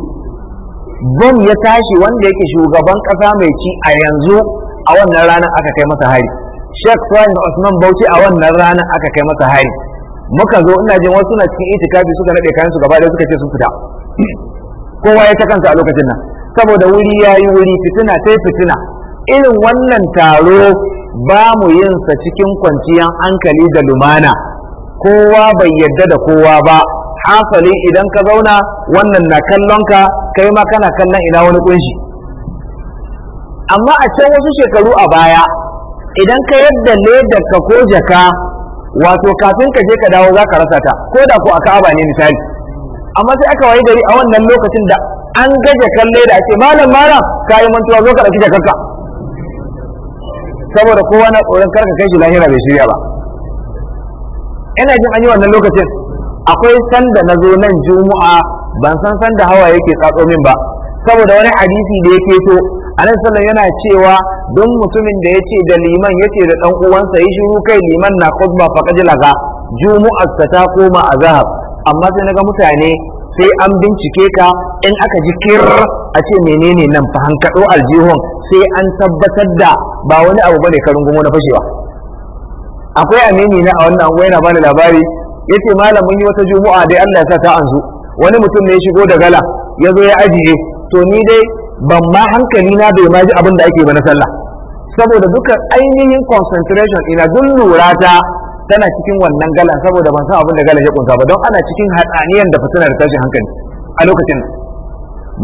bom ya tashi wanda yake shugaban kasa mai ci a yanzu a wannan ranar aka kai masa hari Sheikh Ibrahim Usman Bauchi a wannan ranar aka kai masa hari muka zo ina jin wasu na cikin itikafi suka nade kayan su gaba da suka ce sun fita kowa ya ta kansa a lokacin nan saboda wuri ya yi wuri fitina sai fitina irin wannan taro ba mu yin sa cikin kwanciyar hankali da lumana kowa bai yarda da kowa ba hasali idan ka zauna wannan na kallonka kai ma kana kallon ina wani kunshi amma a can wasu shekaru a baya idan ka yadda ledarka ko jaka wato kafin ka je ka dawo za ka rasa ta ko da ko a ka'aba ne misali amma sai aka wayi gari a wannan lokacin da an gaje kalle da ake malam malam kayi mantuwa zo ka ɗauki jakarta, saboda kowa na tsoron karka kai shi lahira bai shirya ba ina jin an yi wannan lokacin akwai sanda na zo nan juma'a ban san sanda hawa yake tsatso min ba saboda wani hadisi da yake to anan sallan yana cewa don mutumin da yace da liman yace da dan uwansa yi shiru kai liman na khutba fa kaji laga jumu'ar ta koma a zahar, amma sai na ga mutane sai an bincike ka in aka ji kir a ce menene nan fa hankado aljihun sai an tabbatar da ba wani abu bane karin gumo na fashewa akwai amini na a wannan wai yana bani labari yace malam mun yi wata juma'a dai Allah ya sa ta anzu wani mutum ne ya shigo da gala ya zo ya ajiye to ni dai ban ma hankali na bai ma ji abin da ake ba na sallah saboda duka ainihin concentration ina dun lura ta tana cikin wannan galan saboda ban san abin da galan ya kunsa ba don ana cikin hatsaniyan da da tashin hankali a lokacin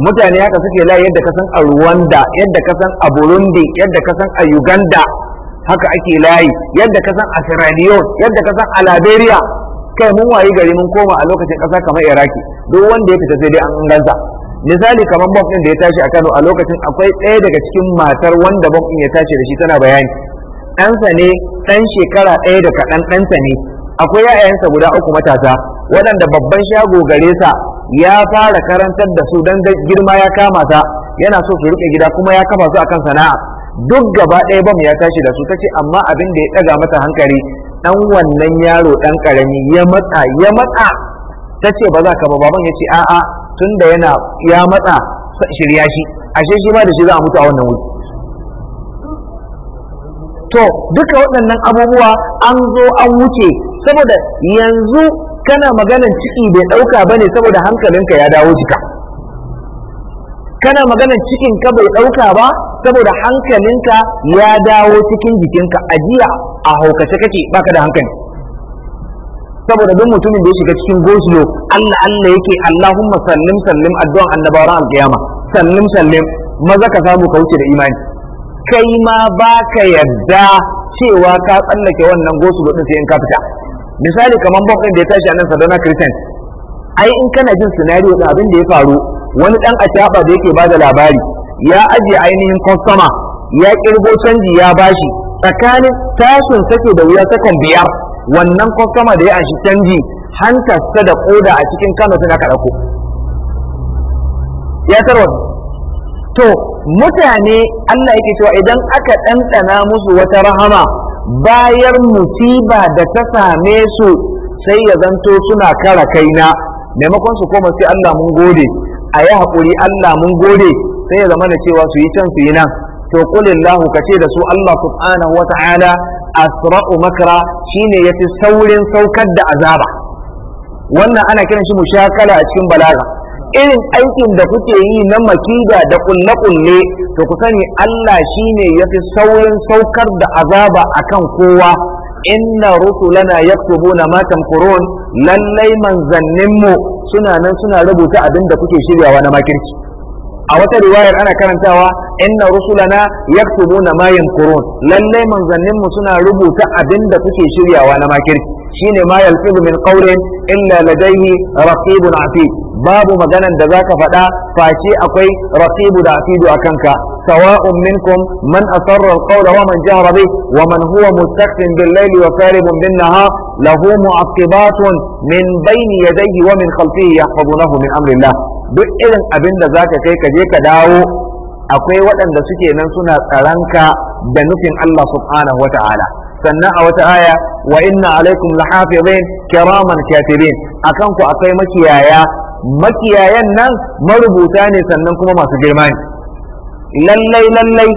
mutane haka suke la yadda ka san a Rwanda yadda ka san a Burundi yadda ka san a Uganda haka ake layi yadda ka san a Sierra yadda ka san a Liberia kai mun wayi gari mun koma a lokacin kasa kamar Iraki duk wanda ya fita sai dai an gansa misali kamar bom din da ya tashi a Kano a lokacin akwai ɗaya daga cikin matar wanda bom din ya tashi da shi tana bayani ɗansa ne ɗan shekara ɗaya da kaɗan ɗansa ne akwai 'ya'yansa guda uku matasa waɗanda babban shago gare sa ya fara karantar da su don girma ya kama sa yana so su rike gida kuma ya kafa su akan sana'a duk gaba ɗaya bam ya tashi da su tace amma abin da ya ɗaga mata hankali dan wannan yaro dan ƙarami ya matsa ya matsa tace ba za ka ba baban ya ce a'a tunda yana ya matsa shirya shi ashe shi ma da shi za a mutu a wannan wuri to duka waɗannan abubuwa an zo an wuce saboda yanzu kana maganan ciki bai ɗauka ba ne saboda hankalinka ya dawo jika kana maganan cikin ka bai ɗauka ba saboda hankalinka ya dawo cikin jikinka ajiya a haukace kake baka da hankali saboda duk mutumin da ya shiga cikin goslo Allah Allah yake Allahumma sallim sallim addu'an ran alqiyama sallim sallim maza ka samu ka wuce da imani kai ma ba ka yarda cewa ka tsallake wannan gosu din sai in ka fita misali kamar bom da ya tashi a nan Sadona Christian ai in kana jin scenario da abin da ya faru wani dan acaba da yake bada labari ya ajiye ainihin kwastama ya kirgo canji ya bashi tsakanin tashin sake da wuya sakon biyar wannan kwastama da ya anshi canji hantarsa da koda a cikin kano suna karako ya tarwata to mutane Allah yake cewa idan aka ɗanɗana musu wata rahama bayar musiba da ta same su sai ya zanto suna kara kaina maimakon su koma sai Allah mun gode a yi haƙuri Allah mun gode sai ya zama da cewa su yi can su yi nan to kulillahu ka ce da su Allah subhanahu wa ta'ala asra'u makra shine yafi saurin saukar da azaba wannan ana kiran shi mushakala a cikin balaga irin aikin da kuke yi na makida da kunne-kunne to ku sani Allah ya fi saurin saukar da azaba a kan kowa inna rusulana na ma tamkurun lallai manzanninmu suna nan suna rubuta abin da kuke shiryawa na makirci a wata riwayar ana karantawa inna rusulana na mayan yamkurun lallai manzanninmu suna rubuta abin da kuke shiryawa na makirci shine ma yalfidu min qawlin illa ladayhi raqibun atid babu maganan da zaka faɗa face akwai raqibu da asidu a kanka sawa'un minkum man asarra alqawla wa man jahara bih wa man huwa mustaqim bil layli wa saribun bin nahar lahu mu'aqibatun min bayni yadayhi wa min khalfihi yahfazunahu min amrillah duk irin abin da zaka kai ka je ka dawo akwai waɗanda suke nan suna tsaranka da nufin Allah subhanahu wa ta'ala sannan a wata aya wa inna alaikum lahafizin kiraman katibin akan ku akwai makiyaya makiyayan nan marubuta ne sannan kuma masu girma ne lallai lallai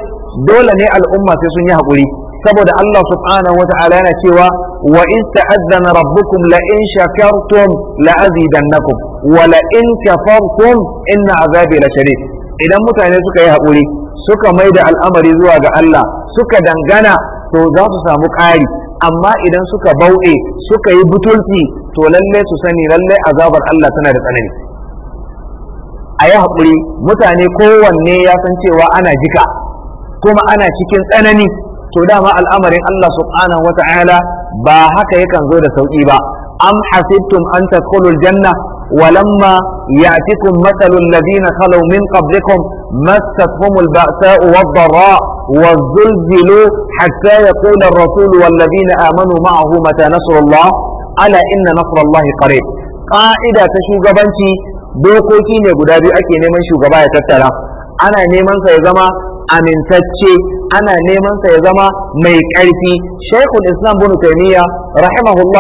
dole ne al'umma sai sun yi haƙuri saboda Allah subhanahu wa ta'ala yana cewa wa in ta'azzana rabbukum la in shakartum la azidannakum wa la in kafartum inna azabi la shadid idan mutane suka yi haƙuri suka mai da al'amari zuwa ga Allah suka dangana to za su samu ƙari amma idan suka bauɗe suka yi butulci to lalle su sani lalle azabar Allah tana da tsanani a yi haƙuri mutane kowanne ya san cewa ana jika kuma ana cikin tsanani to dama al'amarin Allah subhanahu wata'ala ba haka yakan zo da sauƙi ba am hasibtum an tadkhulul janna ولما يأتكم مثل الذين خلوا من قبلكم مستهم البأساء والضراء وزلزلوا حتى يقول الرسول والذين آمنوا معه متى نصر الله ألا إن نصر الله قريب قاعدة تشوغبانتي dokoki ne guda biyu ake neman shugaba ya tattara ana neman sa ya zama amintacce ana neman sa ya zama mai ƙarfi shaikhul islam bin taymiya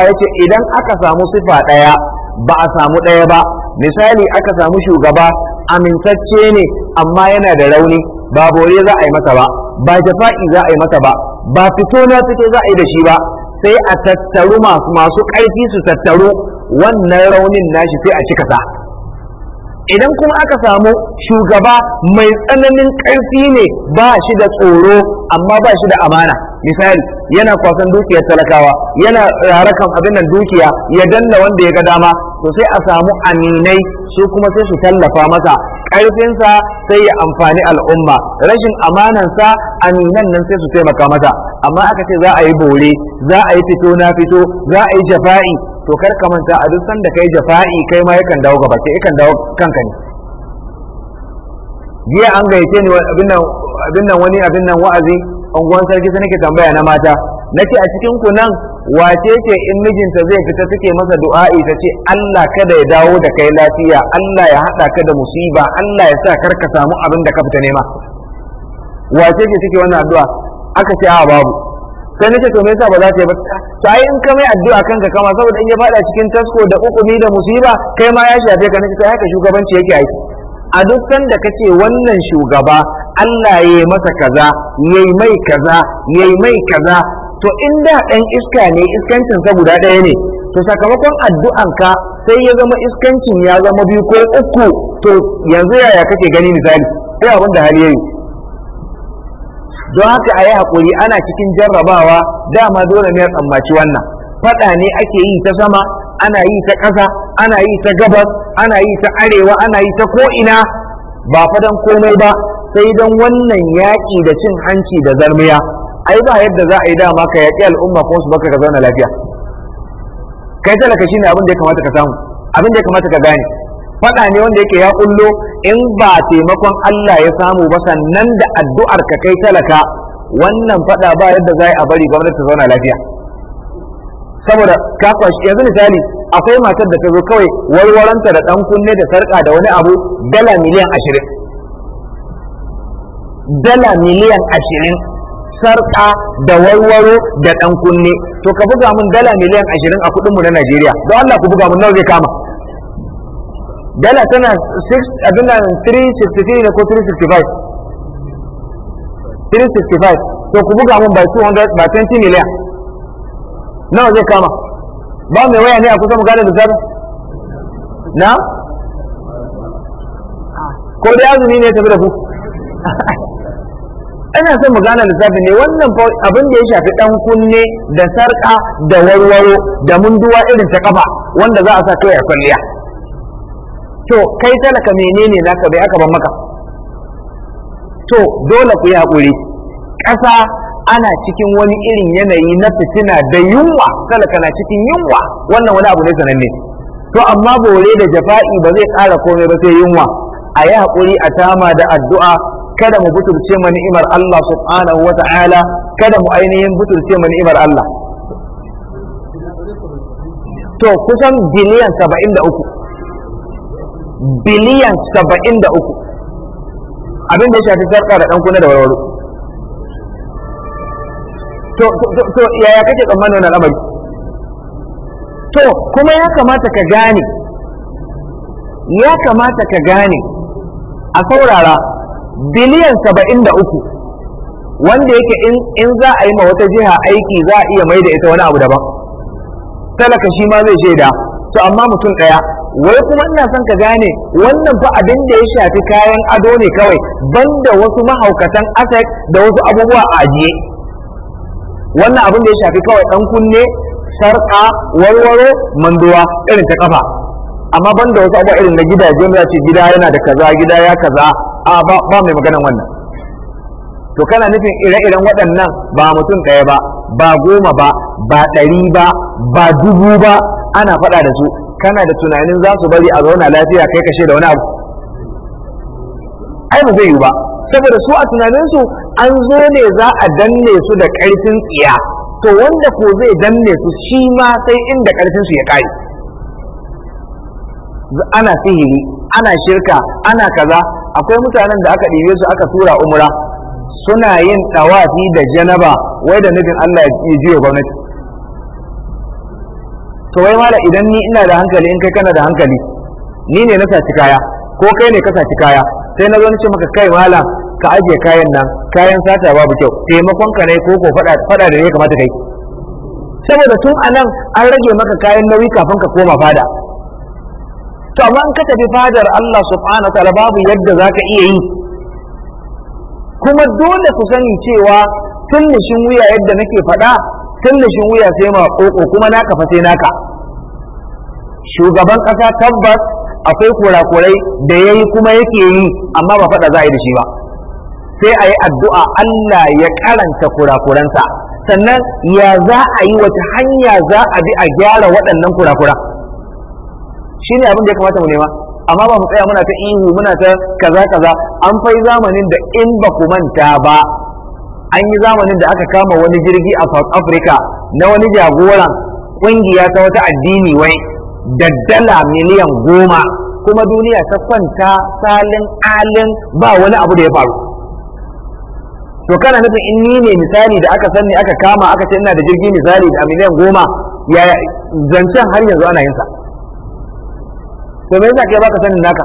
ya ce idan aka samu sifa ɗaya ba a samu ɗaya ba misali aka samu shugaba amintacce ne amma yana da rauni ba bore za a yi masa ba ba jafa'i za a yi masa ba ba fito na fito za a yi da shi ba sai a tattaru masu ƙarfi su tattaru wannan raunin nashi sai a cika sa idan kuma aka samu shugaba mai tsananin ƙarfi ne ba shi da tsoro amma ba shi da amana misali yana kwasan dukiyar talakawa yana rarakan abin nan dukiya ya danna wanda ya ga dama to sai a samu aminai su kuma sai su tallafa masa ƙarfinsa sai ya amfani al'umma rashin amanansa aminan nan sai su taimaka masa amma aka ce za a yi bore za a yi fito na fito za a yi jafa'i to kar ka manta a duk sanda kai jafa'i kai ma yakan dawo gaba sai yakan dawo kanka ne jiya an gayyace ni abin nan abin nan wani abin nan wa'azi unguwan sarki sai nake tambaya na mata nake a cikin ku nan wace ce in mijinta zai fita take masa du'a'i ta ce Allah kada ya dawo da kai lafiya Allah ya hada ka da musiba Allah ya sa kar ka samu abin da ka fita nema wace ce take wannan addu'a aka ce a babu sai nake to me yasa ba za ta yi ba to ai in ka mai addu'a kanka kama saboda in ya fada cikin tasko da ukumi da musiba kai ma ya shafe ka nake Sai haka shugabanci yake aiki a duk sanda kace wannan shugaba Allah ya yi masa kaza yayi mai kaza yayi mai kaza to in da dan iska ne iskancin sa guda ɗaya ne to sakamakon addu'anka sai ya zama iskancin ya zama biyu ko uku to yanzu yaya kake gani misali sai abin da hali yayi don haka a yi haƙuri ana cikin jarrabawa dama dole ne tsammaci wannan faɗa ne ake yi ta sama ana yi ta ƙasa ana yi ta gabas ana yi ta arewa ana yi ta ko'ina ba fadan komai ba sai don wannan yaƙi da cin hanci da zarmiya ai ba yadda za a yi dama ka yaƙi al'umma ko su baka ka zauna lafiya kai talaka shine abin da ya kamata ka samu abin da ya kamata ka gane faɗa ne wanda yake ya kullo in ba taimakon Allah ya samu ba sannan da addu'ar ka kai talaka wannan faɗa ba yadda za a bari gwamnati ta zauna lafiya saboda ka kwashi yanzu misali akwai matar da ta zo kawai warwaranta da ɗan kunne da sarƙa da wani abu dala miliyan ashirin dala miliyan ashirin sarƙa da warwaro da ɗan kunne to ka buga mun dala miliyan ashirin a kuɗinmu na Najeriya don Allah ku buga mun nawa zai kama dala tana 6 abin nan 363 ne ko 365 365 to ku buga mun by 200 by 20 miliyan nawa zai kama ba mai waya ne a kusa mu gane da lissafin na ko dai azumi ne ya tafi da ku ina son mu gane da lissafi ne wannan abin da ya shafi dan kunne da sarka da warwaro da munduwa irin ta kafa wanda za a sa kai a kwalliya to kai talaka menene ka bai aka ban maka to dole ku yi haƙuri ƙasa ana cikin wani irin yanayi na fitina da yunwa talaka na cikin yunwa wannan wani abu ne sananne to amma bore da jafa'i ba zai ƙara komai ba sai yunwa a yi haƙuri a tama da addu'a kada mu butulce ma ni'imar Allah subhanahu wata'ala kada mu ainihin butulce ma ni'imar Allah to kusan biliyan saba'in da uku biliyan saba'in da uku abin ya shafi sarka da ɗankuna da warwaro to to yaya kake tsammanin wannan al'amari to kuma ya kamata ka gane ya kamata ka gane a saurara biliyan saba'in da uku wanda yake in za a yi ma wata jiha aiki za a iya mai da ita wani abu daban talaka shi ma zai shaida to amma mutum ɗaya wai kuma ina son ka gane wannan fa abin da ya shafi kayan ado ne kawai banda wasu mahaukatan asek da wasu abubuwa a ajiye wannan abin da ya shafi kawai dan kunne sarƙa warwaro manduwa irin ta kafa amma banda wasu abubuwa irin na gidaje mu ce gida yana da kaza gida ya kaza a ba mai magana wannan to kana nufin ire-iren waɗannan ba mutum ɗaya ba ba goma ba ba ɗari ba ba dubu ba ana faɗa da su kana da tunanin za su bari a zauna lafiya kai kashe da wani abu ai ba zai yi ba saboda su a tunaninsu an zo ne za a danne su da ƙarfin tsiya to wanda ko zai danne su shi ma sai inda karfin su ya kai ana sihiri ana shirka ana kaza akwai mutanen da aka ɗibe su aka tura umra suna yin tawafi da janaba wai da nufin Allah ya ji gwamnati to wai mala idan ni ina da hankali in kai kana da hankali ni ne na saci kaya ko kai ne ka saci kaya sai na zo ni ce maka kai mala ka ajiye kayan nan kayan sata babu kyau taimakon ka ne ko ko fada fada da ne kamata kai saboda tun anan an rage maka kayan nauyi kafin ka koma fada to amma in ka tafi fadar Allah subhanahu wa ta'ala babu yadda zaka iya yi kuma dole ku sani cewa tun shin wuya yadda nake faɗa shi wuya sai ma koko kuma naka fa sai naka shugaban kasa tabbas akwai kurakurai da yayi kuma yake yi amma ba faɗa za a yi da shi ba sai a yi addu'a Allah ya karanta kurakuransa sannan ya za a yi wata hanya za a bi a gyara waɗannan kurakura shi ne abin da ya kamata mu nema amma ba mu tsaya muna ta ihu muna ta kaza kaza an fai zamanin da in ba ku manta ba an yi zamanin da aka kama wani jirgi a South Africa na wani jagoran ƙungiya ta wata addini wai da dala miliyan goma kuma duniya ta kwanta salin alin ba wani abu da ya faru to kana nufin in ni ne misali da aka sanni aka kama aka ce ina da jirgi misali da miliyan goma ya zancen har yanzu ana yinsa? to me yasa kai baka sanin naka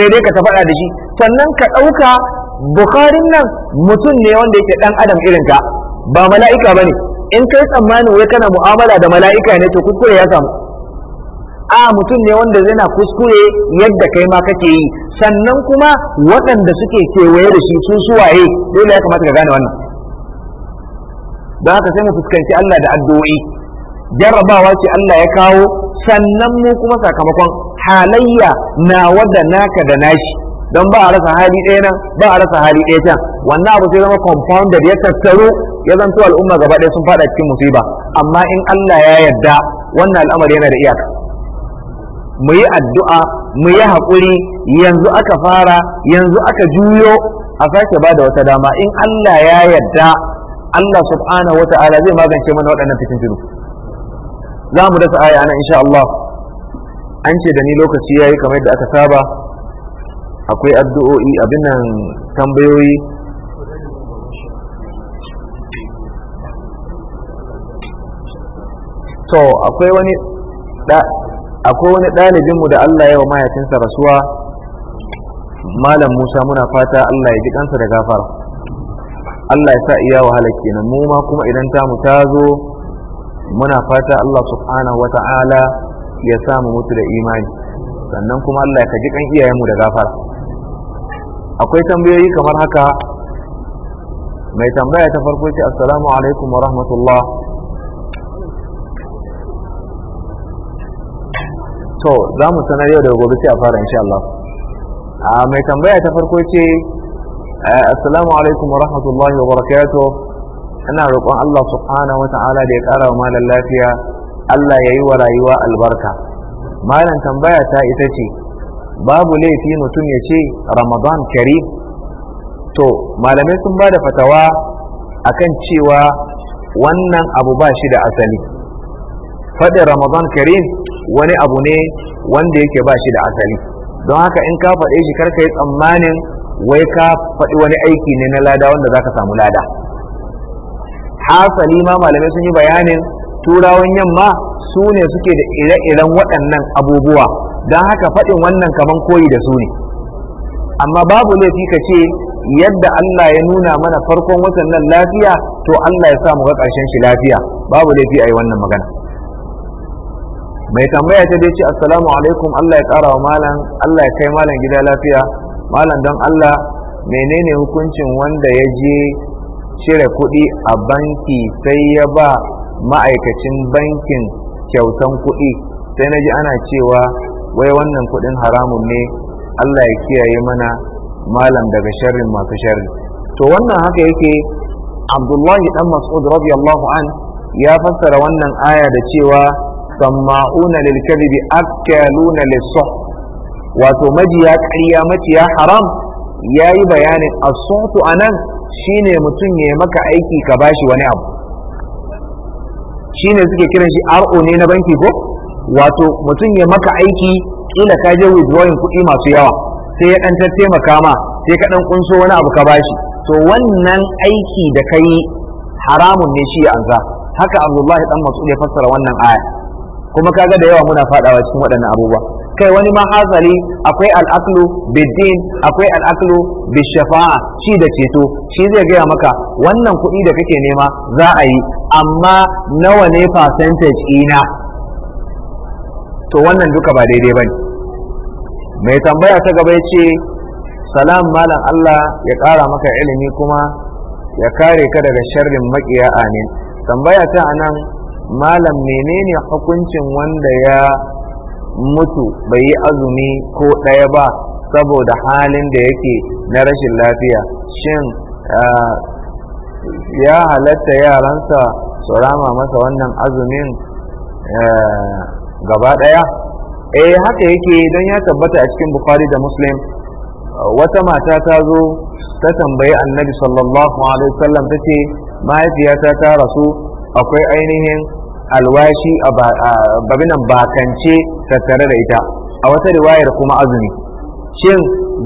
sai dai ka ta faɗa da shi sannan ka ɗauka bukharin nan mutum ne wanda yake dan adam irinka, ba mala'ika bane in kai tsammanin wai kana mu'amala da mala'ika ne to kuskure ya samu a mutum ne wanda yana kuskure yadda kai ma kake yi sannan kuma waɗanda suke kewaye da shi su suwaye dole ya kamata ka gane wannan don haka sai mu fuskanci Allah da addu'o'i jarrabawa ce Allah ya kawo sannan mu kuma sakamakon halayya na wadda naka da nashi don ba a rasa hali ɗaya nan ba a rasa hali ɗaya can wannan abu sai zama compounded ya tattaro ya zanto al'umma gaba ɗaya sun faɗa cikin musiba amma in Allah ya yarda wannan al'amari yana da iyaka mu yi addu'a mu yi haƙuri yanzu aka fara yanzu aka juyo a sake ba da wata dama in Allah ya yarda Allah subhanahu wa ta'ala zai magance mana waɗannan cikin tudu za mu dasa aya nan insha Allah an ce da ni lokaci yayi kamar yadda aka saba akwai addu'o'i abin nan tambayoyi to akwai wani akwai wani ɗalibinmu da Allah yawa mahaifinsa rasuwa malam Musa muna fata Allah ya ji kansa da gafar. Allah ya sa iya wahala kenan mu ma kuma idan tamu ta zo muna fata Allah subhanahu Ta'ala ya samu mutu da imani sannan kuma Allah ya kaji kan iyayenmu da gafara akwai tambayoyi kamar haka mai tambaya ta farko ce assalamu alaikum wa rahmatullah to za mu sanar yau daga gobe sai a fara insha Allah mai tambaya ta farko ce eh, assalamu alaikum wa rahmatullahi wa barakatuh ina roƙon Allah subhanahu wa ta'ala da ya ƙara wa malam lafiya Allah ya yi wa rayuwa albarka malam tambaya ta ita ce babu laifi mutum ya ce ramadan kari to malamai sun ba da fatawa akan cewa wannan abu ba shi da asali Faɗi ramadan karim wani abu ne wanda yake ba shi da asali don haka in ka faɗe shi karka yi tsammanin wai ka faɗi wani aiki ne na lada wanda za ka samu lada hasali ma malamai sun yi bayanin turawan yamma su ne suke da ire-iren waɗannan abubuwa don haka faɗin wannan kaman koyi da su ne amma babu laifi ka ce yadda Allah ya nuna mana farkon watan nan lafiya to Allah ya sa mu ga ƙarshen shi lafiya babu laifi a yi wannan magana mai tambaya ta dai ce assalamu alaikum Allah ya ƙara wa malam Allah ya kai malam gida lafiya malam don Allah menene hukuncin wanda ya je cire kuɗi a banki sai ya ba ma'aikacin bankin kyautan kuɗi sai na ji ana cewa wai wannan kuɗin haramun ne Allah ya kiyaye mana malam daga sharrin masu sharri to wannan haka yake Abdullahi dan Mas'ud radiyallahu an ya fassara wannan aya da cewa samma'una lil kadhibi akaluna lis wato majiya ƙarya maciya haram yayi bayanin as-suhtu anan shine mutum ya maka aiki ka bashi wani abu shine suke kiran shi RO ne na banki ko wato mutum ya maka aiki kila ka je withdrawing kuɗi masu yawa sai ya ɗan taimaka ma sai ka ɗan kunso wani abu ka bashi to wannan aiki da kai haramun ne shi ya anza haka abdullahi dan mas'ud ya fassara wannan aya kuma kaga da yawa muna fadawa cikin waɗannan abubuwa kai wani ma hazali akwai al'aklu bidin akwai al'aklu bishafa'a shi da ceto shi zai gaya maka wannan kuɗi da kake nema za a yi amma nawa ne percentage ina to wannan duka ba daidai ba ne mai tambaya ta gaba ya ce salam malam Allah ya ƙara maka ilimi kuma ya kare ka daga sharrin maƙiya amin tambaya ta anan malam menene hukuncin wanda ya mutu bai yi azumi ko ɗaya ba saboda halin da yake na rashin lafiya shin ya halatta yaransa su rama masa wannan azumin gaba ɗaya. eh haka yake don ya tabbata a cikin bukhari da muslim wata mata ta zo ta tambayi annabi sallallahu alaihi wasallam ta ce mahaifiyata ta rasu akwai ainihin alwashi a babinan bakance tattare da ita a wata riwayar kuma azumi shin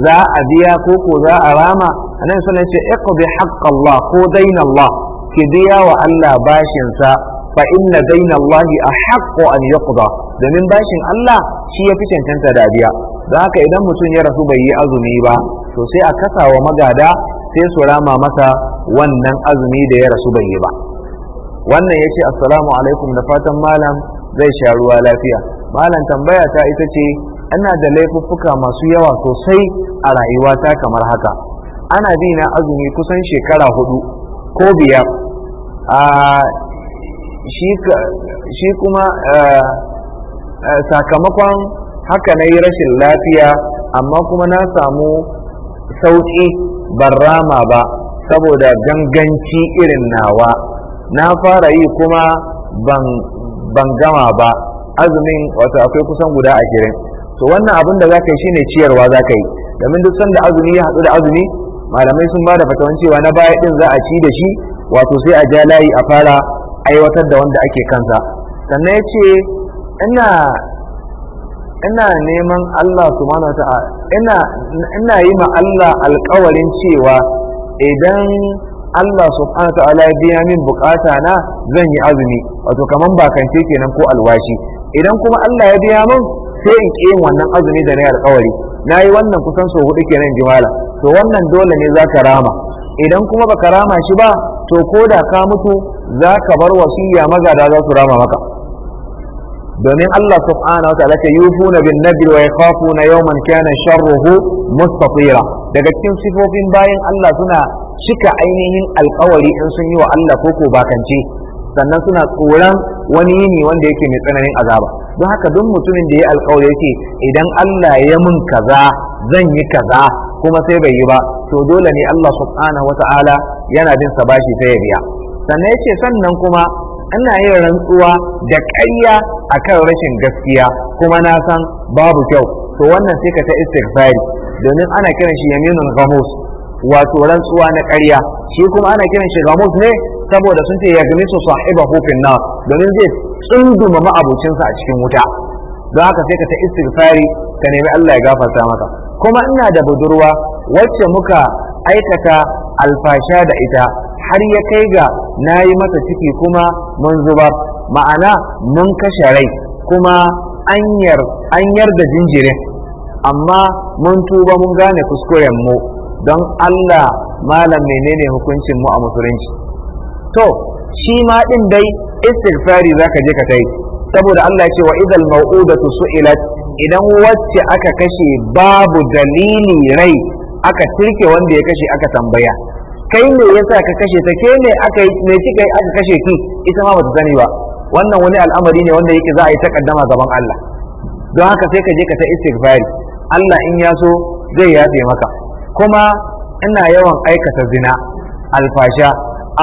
za a biya ko ko za a rama anan sunan ce iqbi haqqallah ko dainallah ki biya wa Allah bashinsa fa inna dayna Allahi ahaqqu an yuqda domin bashin Allah shi ya fi cancanta da biya don haka idan mutum ya rasu bai yi azumi ba to sai a kasa wa magada sai su rama masa wannan azumi da ya rasu bai yi ba wannan ya ce assalamu alaikum da fatan malam zai sha ruwa lafiya malam tambaya ta ita ce ana da laifuffuka masu yawa sosai a rayuwata kamar haka ana bi na azumi kusan shekara hudu ko biyar ah, shi kuma eh, eh, sakamakon haka na yi rashin lafiya amma kuma na samu sauƙi ban ba saboda ganganci irin nawa na fara yi kuma ban gama ba azumin wato akwai kusan guda ashirin to wannan abin da za ka yi shine ciyarwa za ka yi domin duk sanda azumi ya haɗu da azumi malamai sun ba da fatawan cewa na baya ɗin za a ci da shi wato sai a ja layi a fara aiwatar da wanda ake kansa sannan ya ce ina ina neman Allah subhanahu ta'ala ina ina yi ma Allah alƙawarin cewa idan Allah subhanahu ta'ala ya biya min bukata na zan yi azumi wato kaman bakance kenan ko alwashi idan kuma Allah ya biya min sai in ƙi wannan azumi da na yi alƙawari na yi wannan kusan so hudu kenan jimala to wannan dole ne za ka rama idan kuma baka rama shi ba to ko da ka mutu za ka bar wasiya magada za su rama maka domin Allah subhanahu wa ta'ala ce yufuna bin nadri wa yakhafuna yawman kana sharruhu mustatira daga cikin sifofin bayan Allah suna cika ainihin alkawari in sun yi wa Allah koko bakance sannan suna tsoron wani yini wanda yake mai tsananin azaba don haka duk mutumin da ya alkawari yake idan Allah ya mun kaza zan yi kaza kuma sai bai yi ba to dole ne Allah subhanahu wata'ala yana bin sa bashi ta ya biya sannan yace sannan kuma ina yin rantsuwa da ƙarya akan rashin gaskiya kuma na san babu kyau to wannan sai ka ta istighfari domin ana kiran shi yaminun ghamus wato rantsuwa na ƙarya shi kuma ana kiran shi ghamus ne saboda sun ce yagmisu sahibahu hufin nawa, domin zai tsunduma ma'abocinsa a cikin wuta don haka sai ka ta istighfari ka nemi Allah ya gafarta maka kuma ina da budurwa wacce muka aikata alfasha da ita har ya kai ga na yi mata ciki kuma mun zuba, ma'ana mun kashe rai kuma an da jinjirin amma mun tuba mun gane kuskuren mu don Allah malam menene hukuncin mu a musulunci to shi ma din dai istighfari zaka je ka kai saboda Allah ce wa idal mau'udatu su'ilat idan wacce aka kashe babu dalili rai aka tirke wanda ya kashe aka tambaya kai ne yasa ka kashe ta ke ne aka yi kika yi aka kashe ki ita ma bata sani ba wannan wani al'amari ne wanda yake za a yi takaddama gaban Allah don haka sai ka je ka ta istighfari Allah in ya so zai yafe maka kuma ina yawan aikata zina alfasha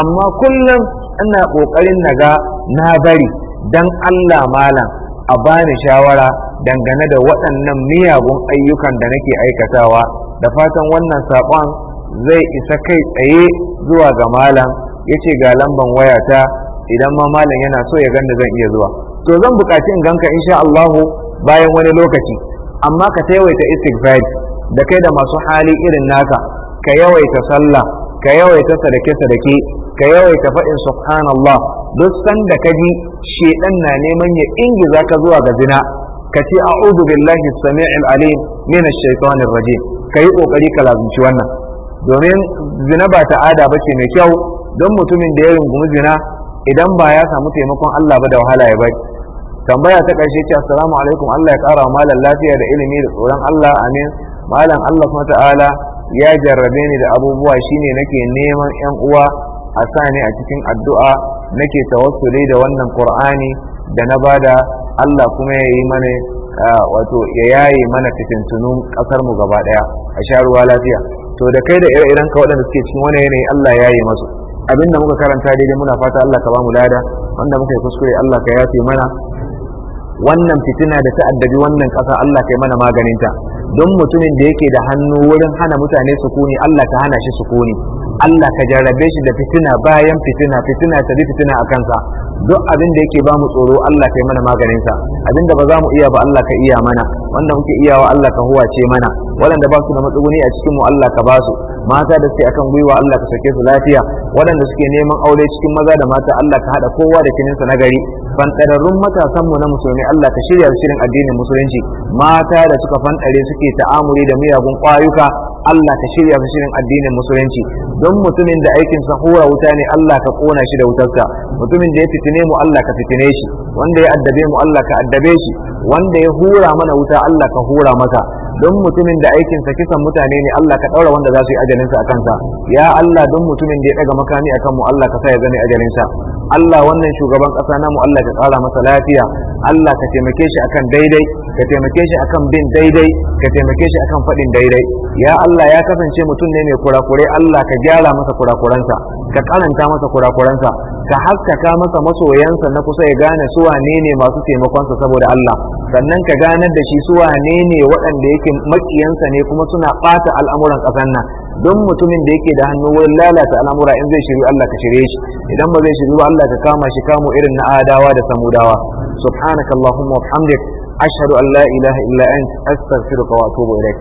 amma kullum ina kokarin naga na bari dan Allah malam a bani shawara dangane da waɗannan miyagun ayyukan da nake aikatawa da fatan wannan saƙon zai isa kai tsaye zuwa ga malam ya ce ga lamban wayata idan ma malam yana so ya ganda zan iya zuwa to zan buƙaci in ganka insha Allahu bayan wani lokaci amma ka taiwaita istighfar da kai da masu hali irin naka ka yawaita sallah ka yawaita sadake sadake ka yawaita faɗin subhanallah duk da ka ji shedan na neman ya ingiza ka zuwa ga zina ka ce a'udhu billahi samii'il alim min ash-shaytanir rajim kai kokari ka lazumci wannan domin zina ba ta'ada bace mai kyau don mutumin da ya rungumi zina idan ba ya samu taimakon Allah ba da wahala ya bari tambaya ta karshe ce assalamu alaikum Allah ya kara malam lafiya da ilimi da tsoron Allah amin malam Allah subhanahu ta'ala ya jarrabe ni da abubuwa shine nake neman yan uwa a sa ni a cikin addu'a nake tawassuli da wannan ƙur'ani da na bada Allah kuma ya yi mana wato ya yaye mana fitintunun kasarmu mu gaba ɗaya a sha ruwa lafiya to da kai da ire-iren ka waɗanda suke cikin wani yanayi Allah ya yi masu abin da muka karanta daidai muna fata Allah ka ba mu lada wanda muka yi kuskure Allah ka yafe mana wannan fitina da ta'addabi wannan ƙasa Allah yi mana maganinta don mutumin da yake da hannu wurin hana mutane sukuni Allah ka hana shi sukuni Allah ka jarrabe shi da fitina bayan fitina fitina ta fitina a kansa duk abin da yake ba mu tsoro Allah ka yi mana maganin sa abin da ba za mu iya ba Allah ka iya mana wanda muke iyawa Allah ka huwace mana waɗanda ba su da matsuguni a cikin mu Allah ka ba su mata da suke akan gwiwa Allah ka sake su lafiya waɗanda suke neman aure cikin maza da mata Allah ka haɗa kowa da kininsa na gari fanɗararrun matasan mu na musulmi Allah ka shirya shirin addinin musulunci mata da suka fanɗare suke ta'amuri da miyagun ƙwayuka Allah ka shirya su shirin addinin musulunci don mutumin da aikin sa hura wuta ne Allah ka kona shi da wutarka mutumin da ya fitine mu Allah ka fitine shi wanda ya addabe mu Allah ka addabe shi wanda ya hura mana wuta Allah ka hura maka don mutumin da aikin sa kisan mutane ne Allah ka daura wanda za su yi ajalin sa akan sa ya Allah don mutumin da ya daga makami akan mu Allah ka sa ya gane ajalin sa Allah wannan shugaban ƙasa namu Allah ka ƙara masa lafiya Allah ka taimake shi akan daidai ka taimake shi akan bin daidai ka taimake shi akan faɗin daidai ya Allah ya kasance mutum ne mai kurakurai Allah ka gyara masa kurakuransa ka karanta masa kurakuransa ka haskaka masa masoyansa na kusa ya gane su wane ne masu taimakonsa saboda Allah sannan ka ganar da shi su wane ne waɗanda yake makiyansa ne kuma suna ɓata al'amuran ƙasar nan don mutumin da yake da hannu wurin lalata al'amura in zai shiru Allah ka shirye shi idan ba zai shiru ba Allah ka kama shi kamo irin na adawa da samudawa subhanaka allahumma wa bihamdik ashhadu an la ilaha illa anta astaghfiruka wa atubu ilaik